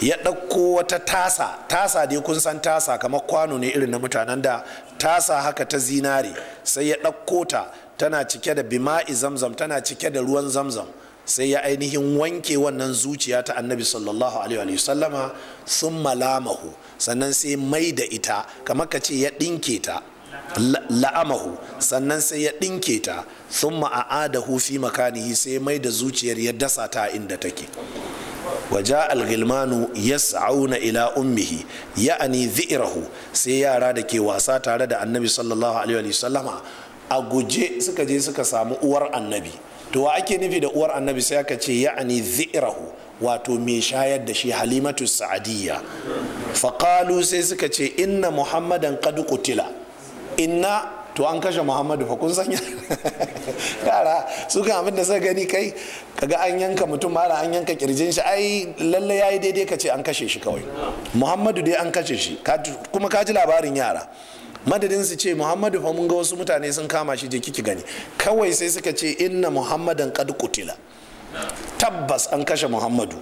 ya ɗauko wata tasa tasa dai kun san tasa kamar kwano ne irin na mutanen da tasa haka ta zinari sai ya ɗauko ta tana cike da bima'i zamzam tana cike da ruwan zamzam sai ya ainihin wanke wannan zuciya ta annabi sallallahu alaihi wasallama sun malamahu sannan sai mai da ita kamar ka ce ya ɗinke ta la'amahu sannan sai ya ɗinke ta sun ma'a'adahu fi makanihi sai mai da zuciyar ya dasa ta inda take waja algilmanu yas'auna ila ummihi ya'ani zi'irahu sai yara da ke wasa tare da annabi sallallahu alaihi wasallama a guje suka je suka samu uwar annabi to wa ake nufi da uwar annabi sai aka ce ya'ani zi'rahu wato mai shayar da shi halimatu sa'adiyya faqalu sai suka ce inna muhammadan qad qutila inna to an kashe muhammadu fa kun sanya [LAUGHS] yara su abin da suka gani kai kaga an yanka mutum mara an yanka kirjin shi ai lalle yayi daidai kace ce an kashe shi kawai muhammadu dai an kashe shi kuma ka ji labarin yara madadin su ce muhammadu fa mun ga wasu mutane sun kama shi je kiki gani kawai sai suka ce inna muhammadan kad kutila tabbas an kashe muhammadu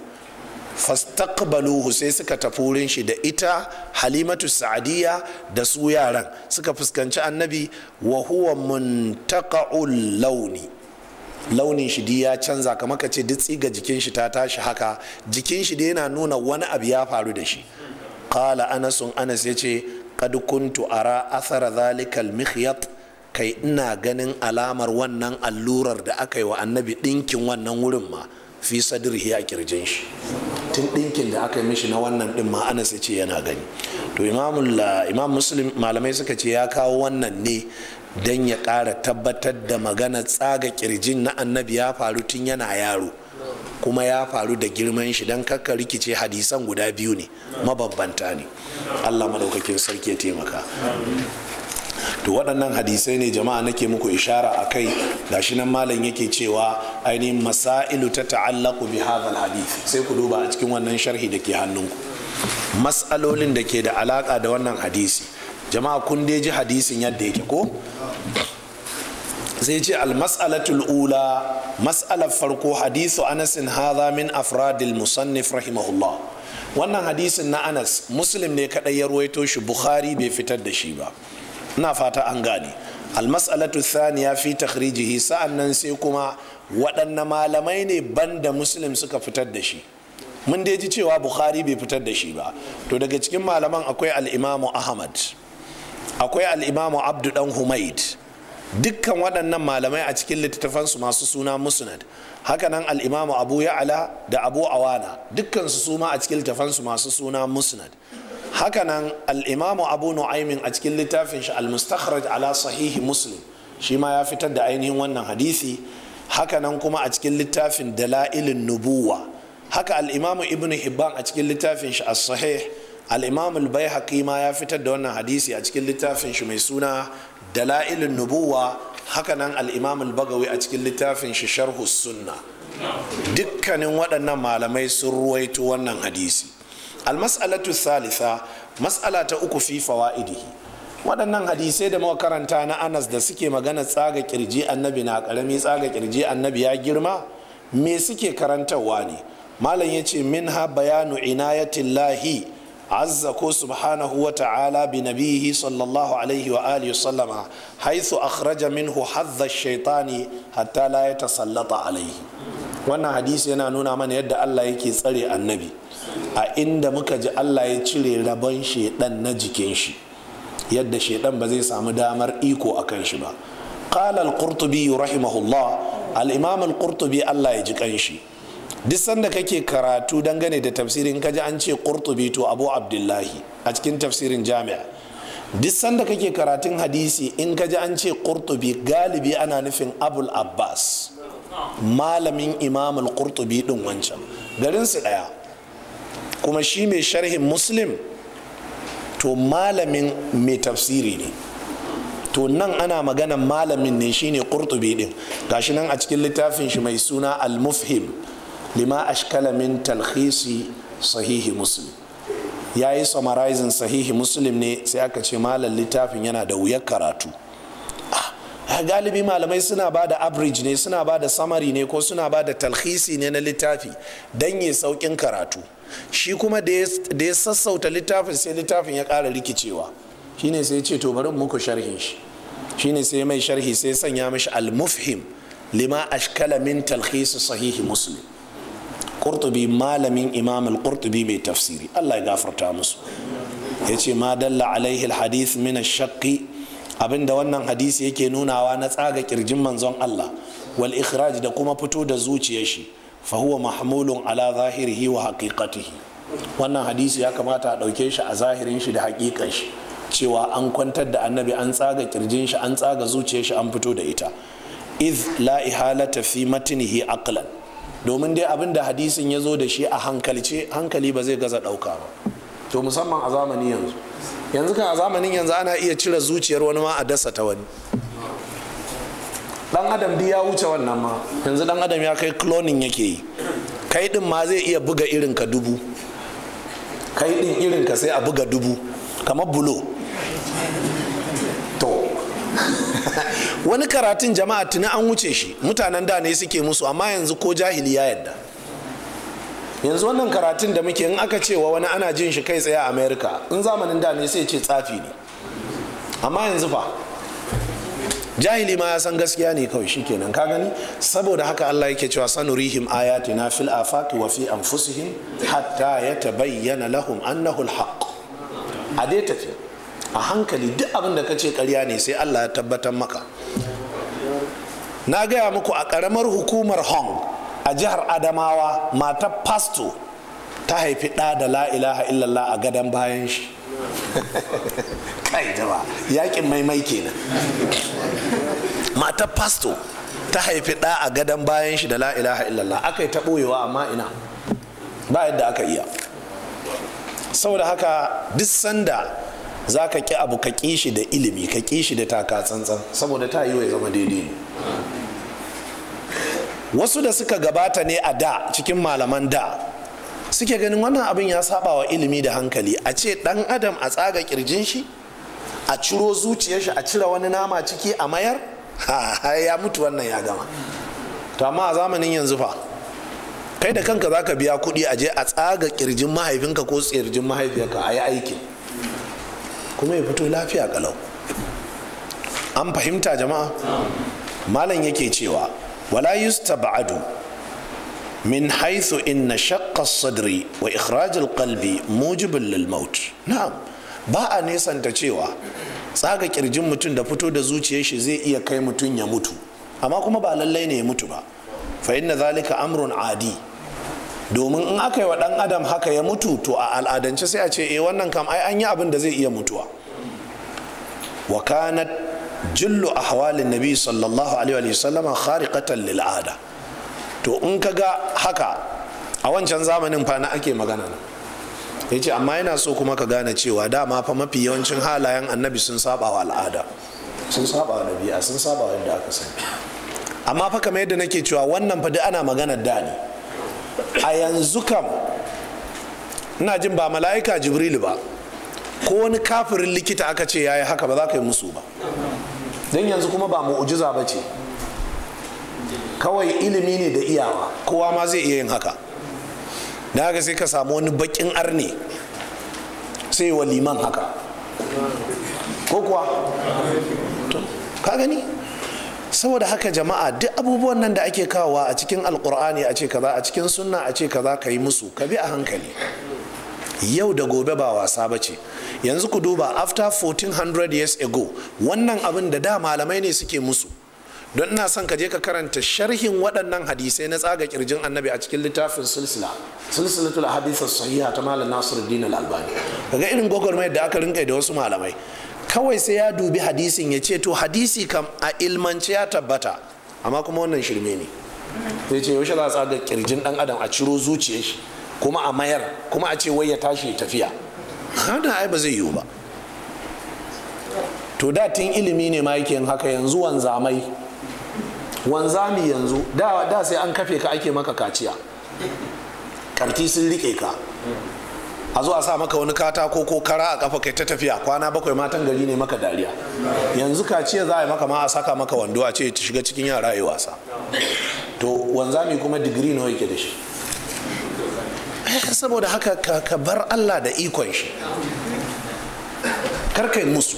fastaqbaluhu sai suka tafi wurin shi da ita halimatu sa'adiyya da su yaran suka fuskanci annabi wa huwa muntaqa'ul launi launin shi ya canza kamar ka ce duk ga jikin shi ta tashi haka jikin shi dai yana nuna wani abu ya faru da shi kala anasun anas ya ce. qad kuntu ara athara zalikal mikhyat kai ina ganin alamar wannan allurar da aka yi wa annabi ɗinkin wannan wurin ma fi sadrihi a kirjin shi tun ɗinkin da aka yi mishi na wannan ɗin ma ana sai ce yana gani to imam muslim malamai suka ce ya kawo wannan ne don ya ƙara tabbatar da magana tsaga kirjin na annabi ya faru tun yana yaro kuma ya faru da girman shi don kakka rikice hadisan guda biyu ne mabambanta ne allah madaukakin sarki ya taimaka to waɗannan hadisai ne jama'a nake muku ishara a kai shi nan malam yake cewa ainihin masailu ta ta'allaku bi hadhal hadith sai ku duba a cikin wannan sharhi da ke hannunku mas'alolin da ke da alaka da wannan hadisi jama'a kun dai ji hadisin yadda yake ko sai ce almas'alatul ula mas'alar farko hadisu, anasin hadha min afradil musannif rahimahullah wannan hadisin na anas muslim ne kadai ya ruwaito shi bukhari bai fitar da shi ba ina fata an gane almas'alatu thaniya fi takhrijihi sa'an nan sai kuma waɗanne malamai ne banda muslim suka fitar da shi mun dai ji cewa bukhari bai fitar da shi ba to daga cikin malaman akwai al'imamu ahmad akwai al'imamu abdu dan humaid dukkan waɗannan malamai a cikin littattafansu masu suna musnad hakanan al'imamu abu ya'ala da abu awana dukkansu su ma a cikin littattafansu masu suna musnad hakanan al'imamu abu Nu'amin a cikin littafin shi al-mustakhraj ala sahihi muslim shi ma ya fitar da ainihin wannan hadisi hakanan kuma a cikin littafin dala'ilin nubuwa haka al'imamu Ibnu hibban a cikin littafin shi as-sahih al-imamu al ma ya fitar da wannan hadisi a cikin littafin shi mai suna dala'ilin nubuwa hakanan al'imam al-bagawi a cikin littafin shi sharhu sunna dukkanin waɗannan malamai sun ruwaito wannan hadisi almas'alatu Salisa mas'ala ta uku fi fawa'idihi waɗannan hadisai da muka karanta na anas da suke magana tsaga kirji annabi na ƙarami tsaga kirji annabi ya girma me suke karantarwa ne malam ya ce ha bayanu inayatillahi azza ko subhanahu wa ta'ala bi nabihi sallallahu alaihi wa sallama haithu akhraja minhu hadha shaitani hatta ta sallata alaihi wannan hadisi yana nuna mana yadda Allah yake tsare annabi a inda muka ji Allah ya cire rabon shaiɗan na jikin shi yadda shaiɗan ba zai samu damar iko a kan shi ba qala al-qurtubi rahimahullah al-imam Allah ya ji kan shi duk sanda kake karatu dangane da tafsirin kaji an ce qurtubi to abu abdullahi a cikin tafsirin jami'a duk sanda kake karatun hadisi in kaji an ce qurtubi galibi ana nufin abul abbas malamin imamul qurtubi din wancan garin su daya kuma shi mai sharhin muslim to malamin mai tafsiri ne to nan ana maganan malamin ne shine qurtubi din gashi nan a cikin littafin shi mai suna al-mufhim lima ashkala min talhisi sahihi muslim ya yi summarizing sahihi muslim ne sai aka ce malam littafin yana da wuyar karatu a ah, ah, galibi malamai suna ba da average ne suna ba da samari ne ko suna ba da talhisi ne na littafi don yi saukin karatu shi kuma da ya sassauta littafin sai littafin ya kara rikicewa shine sai ce to bari muku sharhin shi shine sai mai sharhi sai sanya mashi al-mufhim lima ashkala min talhisi sahihi muslim qurtubi malamin imam al-qurtubi mai tafsiri Allah ya gafarta musu Ya ce ma dalla alaihi al-hadith min ash-shaqqi abinda wannan hadisi yake nunawa na tsaga kirjin manzon Allah wal ikhraj da kuma fito da zuciyar shi fa huwa mahmulun ala zahirihi wa haqiqatihi wannan hadisi ya kamata a dauke shi a zahirin shi da haƙiƙan shi cewa an kwantar da annabi an tsaga kirjin shi an tsaga zuciyar shi an fito da ita iz la ihalata fi matnihi aqlan domin dai abin da hadisin ya zo da shi a hankalce hankali ba zai gaza ɗauka ba to musamman a zamani yanzu yanzu kan a zamanin yanzu ana iya cire zuciyar wani ma a dasa ta wani dan adam ya wuce wannan ma yanzu dan adam ya kai cloning yake yi kai din ma zai iya buga irin ka dubu kai din irin ka sai a buga dubu kamar bulo to [LAUGHS] wani karatun jama'a tuni an wuce shi mutanen da ne suke musu amma yanzu ko jahili ya yadda yanzu wannan karatun da muke in aka cewa wani ana jin shi kai tsaye a america in zamanin da ne sai ce tsafi ne amma yanzu fa jahili ma ya san gaskiya ne kawai shikenan ka gani saboda haka Allah yake cewa sanurihim ayatina fil afaqi wa fi anfusihim hatta yatabayyana lahum annahu alhaq a dai tafiya a hankali duk abin da ka ce karya ne sai allah ya tabbatar maka na gaya muku a ƙaramar hukumar hong a jihar adamawa mata pasto ta haifi ɗa da la'ilaha illallah a gadon bayan shi [LAUGHS] kai jama yakin maimai kenan matar pasto ta haifi ɗa a gadon bayan shi da la'ilaha illallah aka yi ta ɓoyewa amma ina ba yadda aka iya saboda haka duk sanda za ka ƙi abu ka ƙi shi da ilimi ka ƙi shi da taka tsantsan saboda ta yi wa zama daidai ne wasu da suka gabata ne a da cikin malaman da suke ganin wannan abin ya saba wa ilimi da hankali a ce ɗan adam a tsaga kirjin shi a ciro zuciyar shi a cire wani nama ciki a mayar ya mutu wannan ya gama to amma a zamanin yanzu fa kai da kanka zaka biya kuɗi a je a tsaga kirjin mahaifinka ko tsirjin mahaifiyarka a yi aikin kuma ya fito lafiya kalau an fahimta jama'a malam yake cewa wala yustab'adu min haythu inna shaqqa sadri wa ikhraj qalbi mujibin lil maut na'am ba a nesanta cewa tsaga kirjin mutum da fito da zuciyar shi zai iya kai mutum ya mutu amma kuma ba lallai ne ya mutu ba fa inna zalika amrun adi domin in aka yi wa ɗan adam haka ya mutu to a al'adance sai a ce eh wannan kam ai an yi abin da zai iya mutuwa wa kanat jillu ahwalin nabi sallallahu alaihi wa sallam khariqatan lil ada to in ka ga haka a wancan zamanin fa na ake magana ya ce amma yana so kuma ka gane cewa dama fa mafi yawancin halayen annabi sun saba wa al'ada sun saba wa dabi'a sun saba wa yadda aka sani amma fa kamar yadda nake cewa wannan fa duk ana maganar da ne a yanzu kam ina jin ba mala'ika jibrilu ba ko wani kafirin likita aka ce yayi haka ba za ka yi musu ba don yanzu kuma ba mu'ujiza ba ce kawai ilimi ne da iyawa kowa ma zai iya yin haka da haka sai ka samu wani bakin arne sai wa liman haka ko kuwa ka gani saboda haka jama'a duk abubuwan nan da ake kawowa a cikin alkur'ani a ce kaza a cikin sunna a ce kaza ka yi musu ka bi a hankali yau da gobe ba wasa ba ce yanzu ku duba after 1400 years ago wannan abin da da malamai ne suke musu don ina son ka je ka karanta sharhin waɗannan hadisai na tsaga kirjin annabi a cikin littafin silsila silsilatul hadisa sahiha ta malam nasiruddin al-albani kaga irin gwagwarmai da aka rinka da wasu malamai kawai sai ya dubi hadisin ya ce to hadisi kam a ilmance ya tabbata amma kuma wannan shirme ne sai ce yaushe za a tsaga kirjin dan adam a ciro zuciyar shi kuma a mayar kuma a ce wai ya tashi tafiya hada ai ba zai yiwu ba to da tun ilimi ne ma yake haka yanzu wanzamai wanzami yanzu da sai an kafe ka ake maka kaciya karti sun rike ka a zo a sa maka wani katako ko kara a kafa kai ta tafiya kwana bakwai matan gari ne maka dariya yanzu kaciya za a yi maka ma a saka maka wando a ce ta shiga cikin yara yi wasa to wanzami kuma digiri nawa yake da shi eh, saboda haka ka bar allah da ikon shi kar karkai musu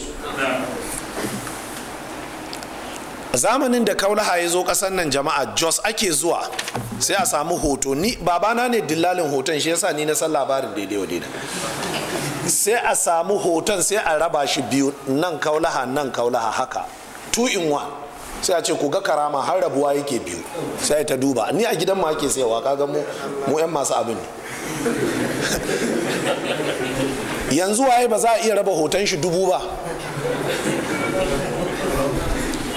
A zamanin da kaulaha ya zo kasan nan jama'a jos ake zuwa sai a samu hoto ni babana ne dillalin hoton shi yasa ni na san labarin daidai wa daidai sai a samu hoton sai a raba shi biyu nan kaulaha nan kaulaha haka two in one sai a ce ku ga karama har rabuwa yake biyu sai ta duba ni a gidan ma ake sayawa kaga mu mu yan masu abin ne [LAUGHS] yanzu waye ba za a iya raba hoton shi dubu ba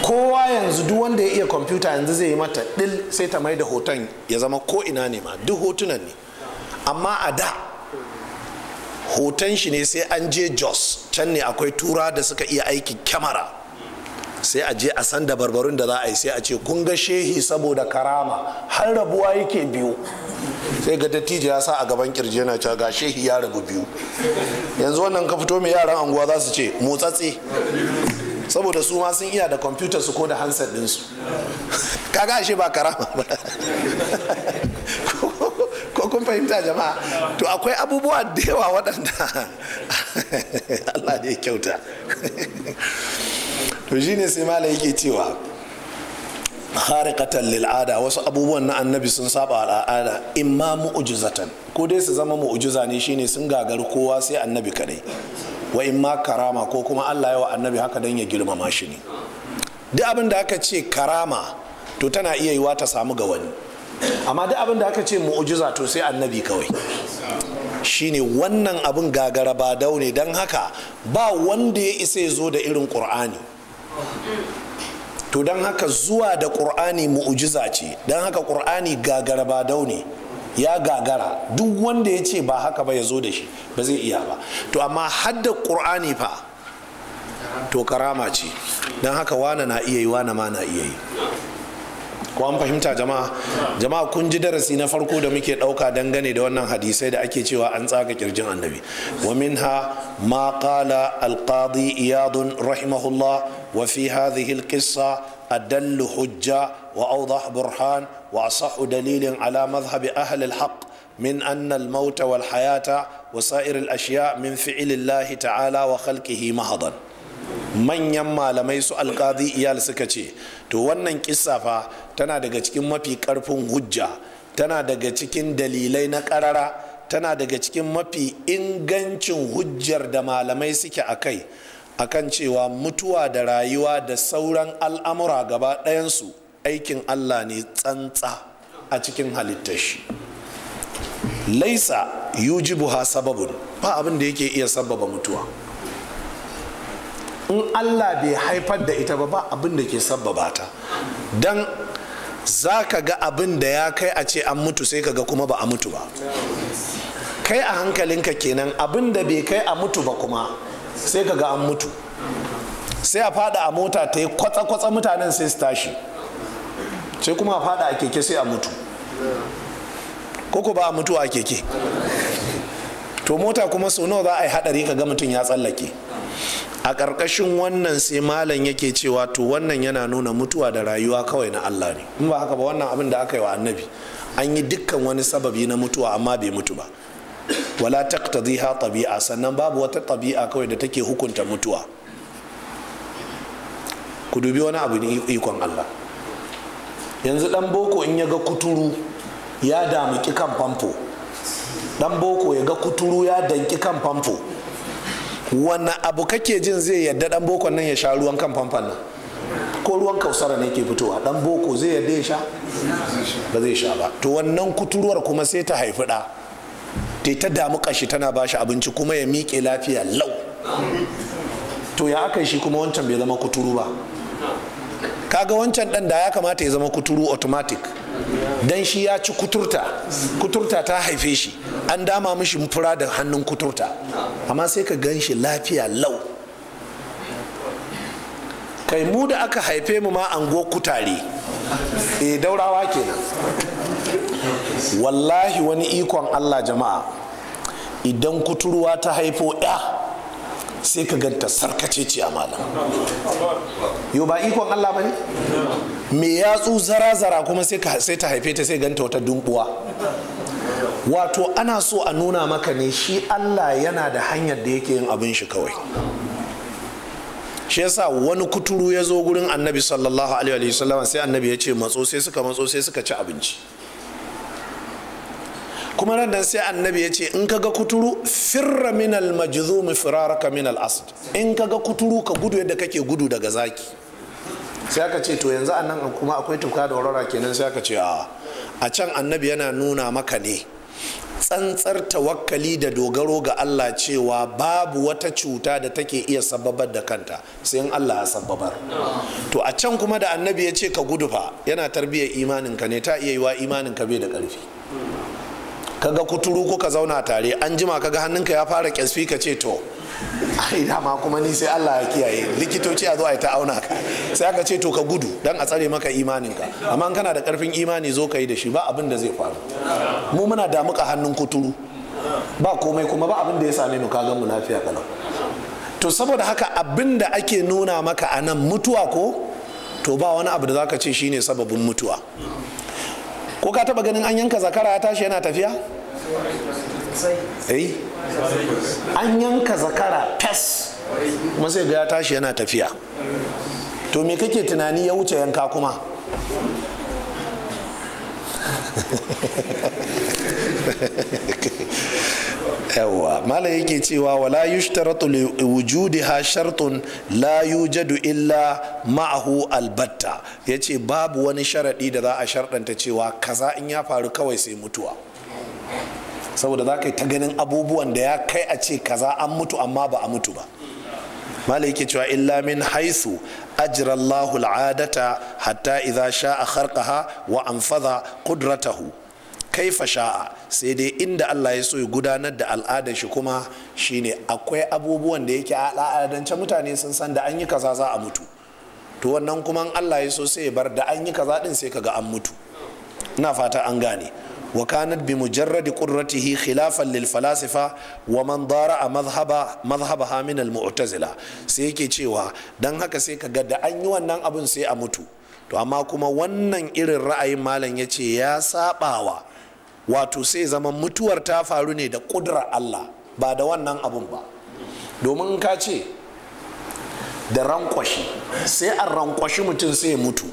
kowa yanzu duk wanda ya iya kwamfuta yanzu zai yi mata dil sai ta mai da hoton ya zama ko ina ne ma duk hotunan ne amma a da hoton shi ne sai an je jos can ne akwai tura da suka iya aiki kyamara sai a je a san da barbarun da za a yi sai a ce kun ga shehi saboda karama har rabuwa yake biyu sai ga dattijo ya sa a gaban kirji yana cewa ga shehi ya rabu biyu yanzu wannan ka fito mai yaran anguwa za su ce motsatse saboda su ma sun iya da kwamfutar su ko da hansar ɗinsu kaga ashe ba karama ba ko kun fahimta jama'a to akwai abubuwa da yawa waɗanda Allah ne kyauta to shine sai mala yake cewa harikatan lil'ada wasu abubuwan na annabi sun saba al'ada imma mu'ujizatan ko dai su zama mu'ujiza ne shine sun gagar kowa sai annabi kadai wa in ma karama ko kuma Allah ya wa annabi haka don ya girmama shi ne duk abin da aka ce karama to tana iya yiwa ta samu ga wani amma duk abin da aka ce mu'ujiza to sai annabi kawai shine wannan abin gagara ba ne don haka ba wanda ya isa ya zo da irin ƙur'ani to don haka zuwa da ƙur'ani mu'ujiza ce don haka ƙur'ani gagara ba ne ya gagara duk wanda ya ce ba haka ba ya zo da shi ba zai iya ba to amma hadda qur'ani fa to karama ce don haka wana na iya yi wana ma na iya yi ko fahimta jama'a jama'a kun ji darasi na farko da muke ɗauka dangane da wannan hadisai da ake cewa an tsaka kirjin annabi wa minha ma qala al-qadi rahimahullah wa fi hadhihi al أدل حجة وأوضح برهان وأصح دليل على مذهب أهل الحق من أن الموت والحياة وسائر الأشياء من فعل الله تعالى وخلقه محضا manyan malamai su alkazi iyal suka ce to wannan kissafa tana daga cikin mafi karfin hujja tana daga cikin dalilai na karara tana daga cikin mafi ingancin hujjar da malamai suke a kai akan cewa mutuwa da rayuwa da sauran al'amura gaba ɗayansu aikin allah ne tsantsa a cikin halittashi. shi laisa yujibu ha sababun ba abin da yake iya sababa mutuwa in allah bai haifar da ita ba ba abin da ke sababa ta don za ka ga abin da ya kai a ce an mutu sai ka ga kuma ba a mutu ba kai a hankalinka kenan abin da bai kai a mutu ba kuma sai ka ga an mutu sai a fada a mota ta yi kwatsa-kwatsa mutanen sai su tashi sai kuma a fada a keke sai a mutu koko ba a mutu a keke to mota kuma sau nawa za a yi hadari ka ga mutum ya tsallake a ƙarƙashin wannan sai malam yake cewa to wannan yana nuna mutuwa da rayuwa kawai na Allah ne in ba haka ba wannan abin da aka yi wa annabi an yi dukkan wani sababi na mutuwa amma bai mutu ba wala taqtadiha tabi'a sannan babu wata tabi'a kawai da take hukunta mutuwa ku dubi wani abu ne ikon Allah yanzu dan boko in ya ga kuturu ya ki kan famfo dan boko ya ga kuturu ya danki kan famfo wani abu kake jin zai yadda dan boko nan ya sha ruwan kan famfon nan ko ruwan kausara ne ke fitowa dan boko zai yadda ya sha ba zai sha ba to wannan kuturuwar kuma sai ta haifi da ta ta damu kashi tana ba shi abinci kuma ya miƙe lafiya lau to ya aka shi kuma wancan bai zama kuturu ba kaga wancan dan da ya kamata ya zama kuturu automatic dan shi ya ci kuturta kuturta ta haife shi an dama mishi fura da hannun kuturta amma sai ka gan shi lafiya lau kai mu da aka haife mu ma ango kutare e daurawa kenan wallahi wani ikon allah jama'a idan kuturwa ta haifo ya sai ka ganta sarkace ce a malam yau ba ikon allah ba ne me yatsu zara-zara kuma sai ta haife ta sai ganta wata dumbuwa wato ana so a nuna maka ne shi allah yana da hanyar da yake yin abin shi kawai shi yasa wani kuturu ya zo gurin annabi sallallahu alaihi wasallam sai annabi ya ce matso sai suka matso sai suka ci abinci kuma nan sai annabi ya ce in ka ga kuturu firra min al majzumi firaraka min al asd in ka ga kuturu ka gudu yadda kake gudu daga zaki sai aka ce to yanzu annan kuma akwai tuka da warara kenan sai aka ce a a can annabi yana nuna maka ne tsantsar tawakkali da dogaro ga Allah cewa babu wata cuta da take iya sababar da kanta sai in Allah ya sababar to a can kuma da annabi ya ce ka gudu fa yana tarbiyyar imaninka ne ta iya yiwa ka bai da karfi. kaga kuturu ko ka zauna tare an jima kaga hannunka ya fara kyasfi ka ce to ai dama kuma ni sai Allah ya kiyaye likitoci a zo a yi ta auna ka sai aka ce to ka gudu dan a tsare maka imaninka amma kana da karfin imani zo ka yi da shi ba abin da zai faru mu muna muka hannun kuturu ba komai kuma ba abin da ya same mu kaga mu lafiya kana to saboda haka abin da ake nuna maka a nan mutuwa ko to ba wani abu da zaka ce shine sababin mutuwa ko ka taba ganin an yanka zakara ya tashi yana tafiya eh an yanka zakara fes kuma sai ga ya tashi yana tafiya to me kake tunani ya wuce yanka kuma [LAUGHS] [LAUGHS] yawwa mala yake cewa wala yushtaratu li wujudiha shartun la yujadu illa ma'ahu albatta yace babu wani sharaɗi da za a shardanta cewa kaza in ya faru kawai sai mutuwa saboda za ka yi ta ganin abubuwan da ya kai a ce kaza an mutu amma ba a mutu ba mala yake cewa illa min haisu ajrallahu al'adata hatta idza sha'a kharqaha wa anfadha qudratahu kaifa sha'a sai dai inda Allah ya so ya gudanar da al'adar shi kuma shine akwai abubuwan da yake a al'adance mutane sun san da an yi kaza za a mutu to wannan kuma Allah ya so sai ya bar da an yi kaza din sai kaga an mutu ina fata an gane wa kanat bi mujarradi qurratihi khilafan lil falasifa wa man dara madhhaba madhhabaha min al mu'tazila sai yake cewa dan haka sai kaga da an yi wannan abun sai a mutu to amma kuma wannan irin ra'ayin malam yace ya sabawa wato sai zama mutuwar ta faru ne da kudura Allah ba da wannan abun ba domin ka ce da rankwashi sai an rankwashi mutum sai ya mutu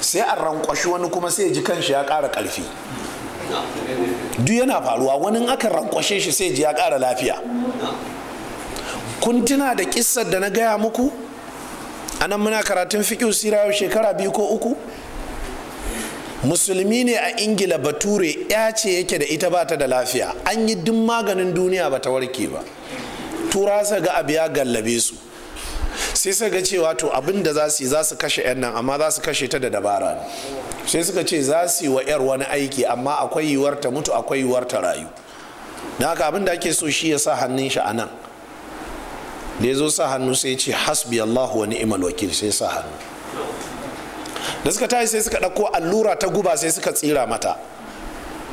sai an rankwashi wani kuma sai ji kanshi ya ƙara ƙarfi duk yana faruwa wani aka rankwashe shi sai ji ya ƙara lafiya kun tuna da kissar da na gaya muku anan muna karatun fiƙi sira shekara biyu ko uku musulmi ne a ingila bature ya ce yake da ita bata da lafiya an yi duk maganin duniya ba ta warke ba tura sa ga abu ya gallabe su sai suka ga cewa to abin da za su yi za su kashe 'yan nan amma za su kashe ta da dabara ne sai suka ce za su yi wa 'yar wani aiki amma akwai yiwuwar ta mutu akwai yiwuwar ta rayu da haka abin da ake so shi ya sa hannun shi a nan da ya zo sa hannu sai ce hasbi allahu wa ni'mal wakil sai sa hannu da suka tashi sai suka ɗauko allura ta guba sai suka tsira mata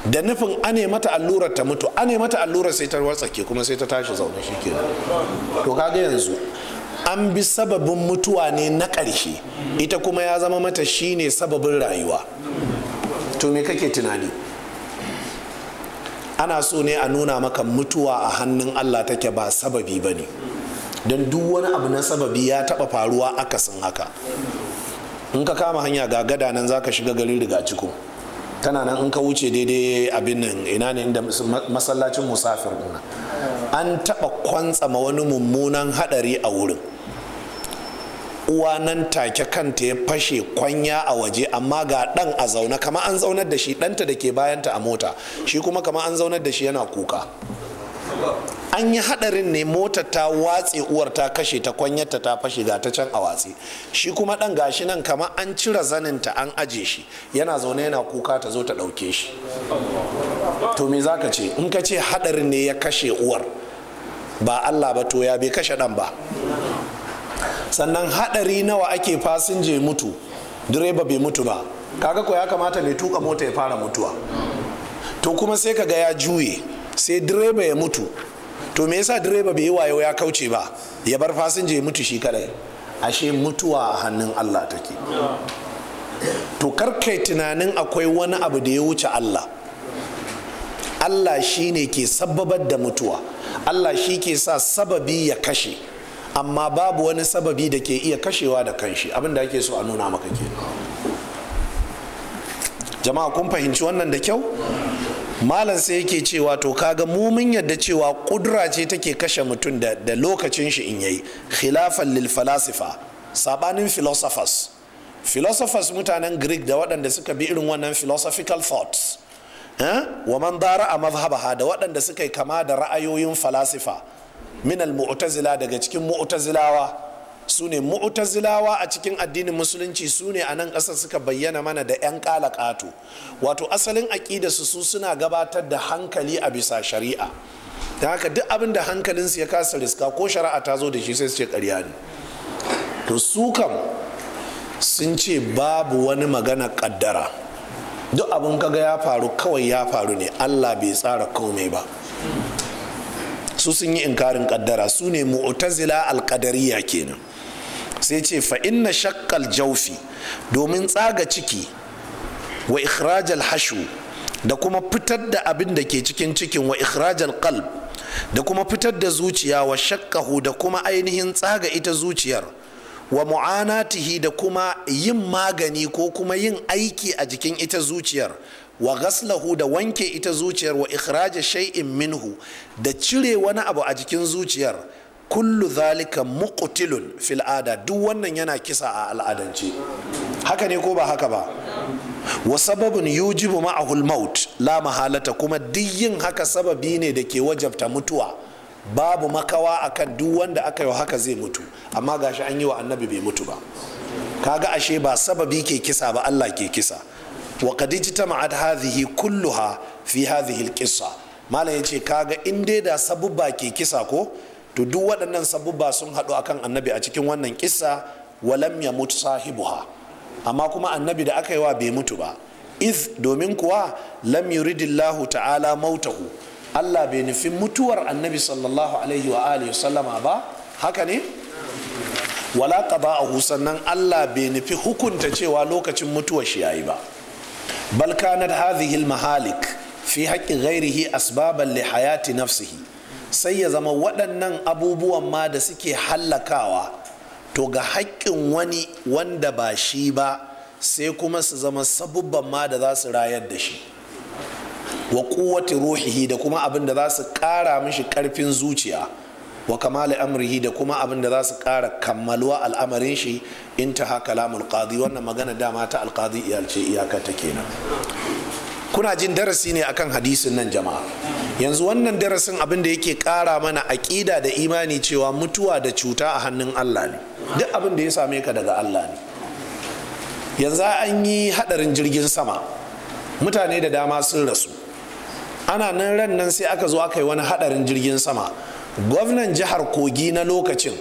da nufin ane mata allurar ta mutu ane mata allurar sai ta wartsake kuma sai ta tashi zaune shi ke to kaga yanzu an bi sababin mutuwa ne na ƙarshe ita kuma ya zama mata shi ne sababin rayuwa to me kake tunani ana so ne a nuna maka mutuwa a hannun allah take ba sababi ba ne don duk wani abu na sababi ya taɓa faruwa akasin haka in ka kama hanya ga gada nan zaka shiga garin ciko tana nan in ka wuce daidai abin nan ina ne inda masallacin musafir nuna an taba kwantsama wani mummunan hadari a wurin uwa nan take kanta ya fashe kwanya a waje amma ga dan a zauna kama an zaunar da shi danta da ke bayanta a mota shi kuma kama an zaunar da shi yana kuka an yi hadarin ne mota ta watse uwar ta kashe ta kwanyarta ta fashe ga ta can a watse shi kuma dan gashi nan kamar an cire zanin ta an aje shi yana zaune yana kuka ta zo ta dauke shi to me zaka ce in ka ce hadarin ne ya kashe uwar ba allah ba to ya bai kashe dan ba sannan hadari nawa ake fasinje mutu direba bai mutu ba kaga ko ya kamata mai tuka mota ya fara mutuwa to kuma sai kaga ya juye sai direba ya mutu to me yasa direba bai yi wayo ya kauce ba ya bar fasinja ya mutu shi kadai ashe mutuwa a hannun Allah take to karkai tunanin akwai wani abu da ya wuce Allah Allah shi ne ke sababar da mutuwa Allah shi ke sa sababi ya kashe amma babu wani sababi da ke iya kashewa da kanshi abin ake so a nuna maka ke jama'a kun fahimci wannan da kyau malam sai yake cewa to kaga mu mun yadda cewa kudura ce take kashe mutum da, lokacin shi in yayi khilafan lil falasifa sabanin philosophers philosophers mutanen greek da waɗanda suka bi irin wannan philosophical thoughts eh? wa man dara a mazhabaha da waɗanda suka yi kama da ra'ayoyin falasifa min al mu'tazila daga cikin mu'tazilawa su ne mu'tazilawa a cikin addinin musulunci su ne a nan ƙasa suka bayyana mana da 'yan ƙalaƙato wato asalin aƙida su su suna gabatar da hankali a bisa shari'a ta haka duk abin da hankalinsu ya kasa riska ko shari'a ta zo da shi sai su ce ƙarya ne to su kam sun ce babu wani magana ƙaddara duk abin kaga ya faru kawai ya faru ne allah bai tsara komai ba su sun yi inkarin kaddara. su ne mu'tazila alƙadariya kenan sai ce fa'inna shakkal jaufi domin tsaga ciki wa ikhrajal hashu da kuma fitar da abin da ke cikin cikin wa ikhrajal qalb da kuma fitar da zuciya wa shakkahu da kuma ainihin tsaga ita zuciyar wa mu'anatihi da kuma yin magani ko kuma yin aiki a jikin ita zuciyar wa gaslahu da wanke ita zuciyar wa ikhraja shay'in minhu da cire wani abu a jikin zuciyar kullu zalika muqtilun fil ada duk wannan yana kisa a al'adance haka ne ko ba haka ba wa sababin yujibu ma'ahul maut la mahalata kuma duk yin haka sababi ne da ke wajabta mutuwa babu makawa akan duk wanda aka yi haka zai mutu amma gashi an yi wa annabi bai mutu ba kaga ashe ba sababi ke kisa ba Allah ke kisa wa qad ijtama'at hadhihi kulluha fi hadhihi al-qissa malam yace kaga in dai da sabubba ke kisa ko to duk waɗannan sabubba sun haɗu akan annabi a cikin wannan kissa walam ya mutu sahibuha amma kuma annabi da aka yi wa bai mutu ba iz domin kuwa lam yuridillahu ta'ala mautahu Allah bai nufi mutuwar annabi sallallahu alaihi wa alihi sallama ba haka ne wala qada'ahu sannan Allah bai nufi hukunta cewa lokacin mutuwar shi yayi ba bal kanat hadhihi al mahalik fi haqqi ghairihi asbaban li hayati nafsihi sai ya zama waɗannan abubuwan ma da suke hallakawa to ga haƙƙin wani wanda ba shi ba sai kuma su zama sabubban ma da za su rayar da shi wa kuwati ruhihi da kuma abin da za su ƙara mishi ƙarfin zuciya wa kamali amrihi da kuma abin da za su ƙara kammaluwa al'amarin shi in ta haka lamul qadi wannan magana dama ta alƙadi iyalce iyaka ta kenan kuna jin darasi ne akan hadisin nan jama'a yanzu wannan darasin abin da yake kara mana aƙida da imani cewa mutuwa da cuta a hannun Allah ne duk abin da ya same ka daga Allah ne yanzu an yi hadarin jirgin sama mutane da dama sun rasu ana nan ran nan sai aka zo aka yi wani hadarin jirgin sama gwamnan jihar kogi na lokacin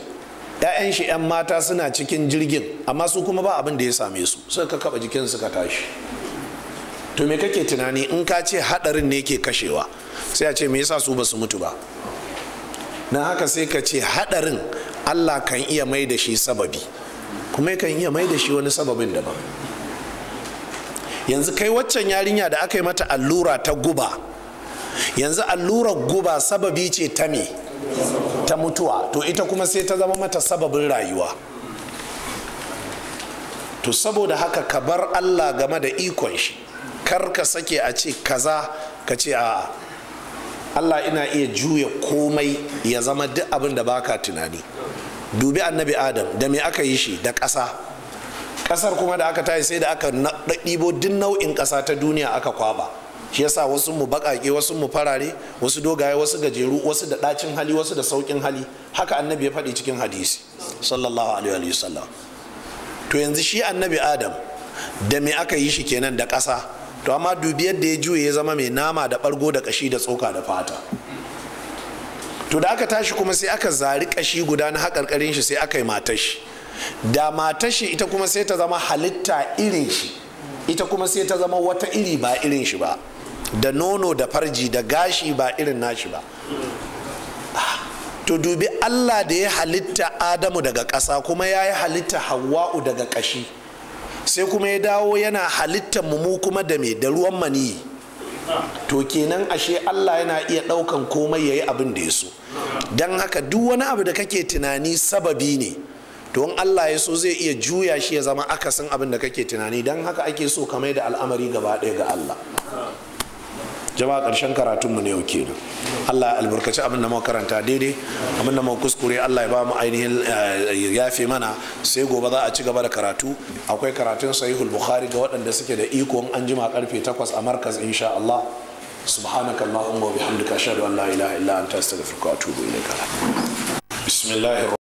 'ya'yan shi 'yan mata suna cikin jirgin amma su kuma ba abin da ya same su suka kaba jikin suka tashi to me kake tunani in ka ce hadarin ne ke kashewa sai a ce me yasa su ba su mutu ba na haka sai ka ce hadarin allah kan iya mai da shi sababi kuma kan iya mai da shi wani sababin da ba. yanzu kai waccan yarinya da aka yi mata allura ta guba yanzu allurar guba sababi ce ta me ta mutuwa to ita kuma sai ta zama mata sababin rayuwa to saboda haka ka bar allah game da ikon shi kar ka sake a ce kaza ka ce a allah ina iya juya komai ya zama duk abin da baka tunani dubi annabi adam da me aka yi shi da ƙasa ƙasar kuma da aka tayi sai da aka ɗibo duk nau'in ƙasa ta duniya aka kwaba shi yasa wasu mu baƙaƙe wasu mu farare wasu dogaye wasu gajeru wasu da ɗacin hali wasu da sauƙin hali haka annabi ya faɗi cikin hadisi sallallahu alaihi wa sallam. to yanzu shi annabi adam da me aka yi shi kenan da ƙasa to amma dubi yadda ya juye ya zama mai nama da ɓargo da kashi da tsoka da fata to da aka tashi kuma sai aka zari kashi guda na haƙarƙarin shi sai aka yi matashi da matashi ita kuma sai ta zama halitta irin shi ita kuma sai ta zama wata iri ba irin shi ba da nono da farji da gashi ba irin nashi ba to dubi allah da ya halitta adamu daga ƙasa kuma ya yi halitta hawa'u daga ƙashi sai kuma ya dawo yana halittar mu kuma da me da ruwan maniyi to kenan ashe Allah yana iya ɗaukan komai ya yi abin da ya so don haka duk wani abu da kake tunani sababi ne to in Allah ya so zai iya juya shi ya zama akasin abin da kake tunani don haka ake so kamar da al'amari gaba ɗaya ga Allah jama'a karshen karatun mu ne yau kenan Allah ya albarkaci abin da karanta daidai abin da kuskure Allah ya ba mu ainihin eh, yafe mana sai gobe za a ci gaba da karatu akwai karatun sahihul bukhari ga waɗanda suke da iko an jima karfe takwas a markaz insha Allah سبحانك اللهم وبحمدك أشهد أن لا إله إلا أنت أستغفرك وأتوب إليك بسم الله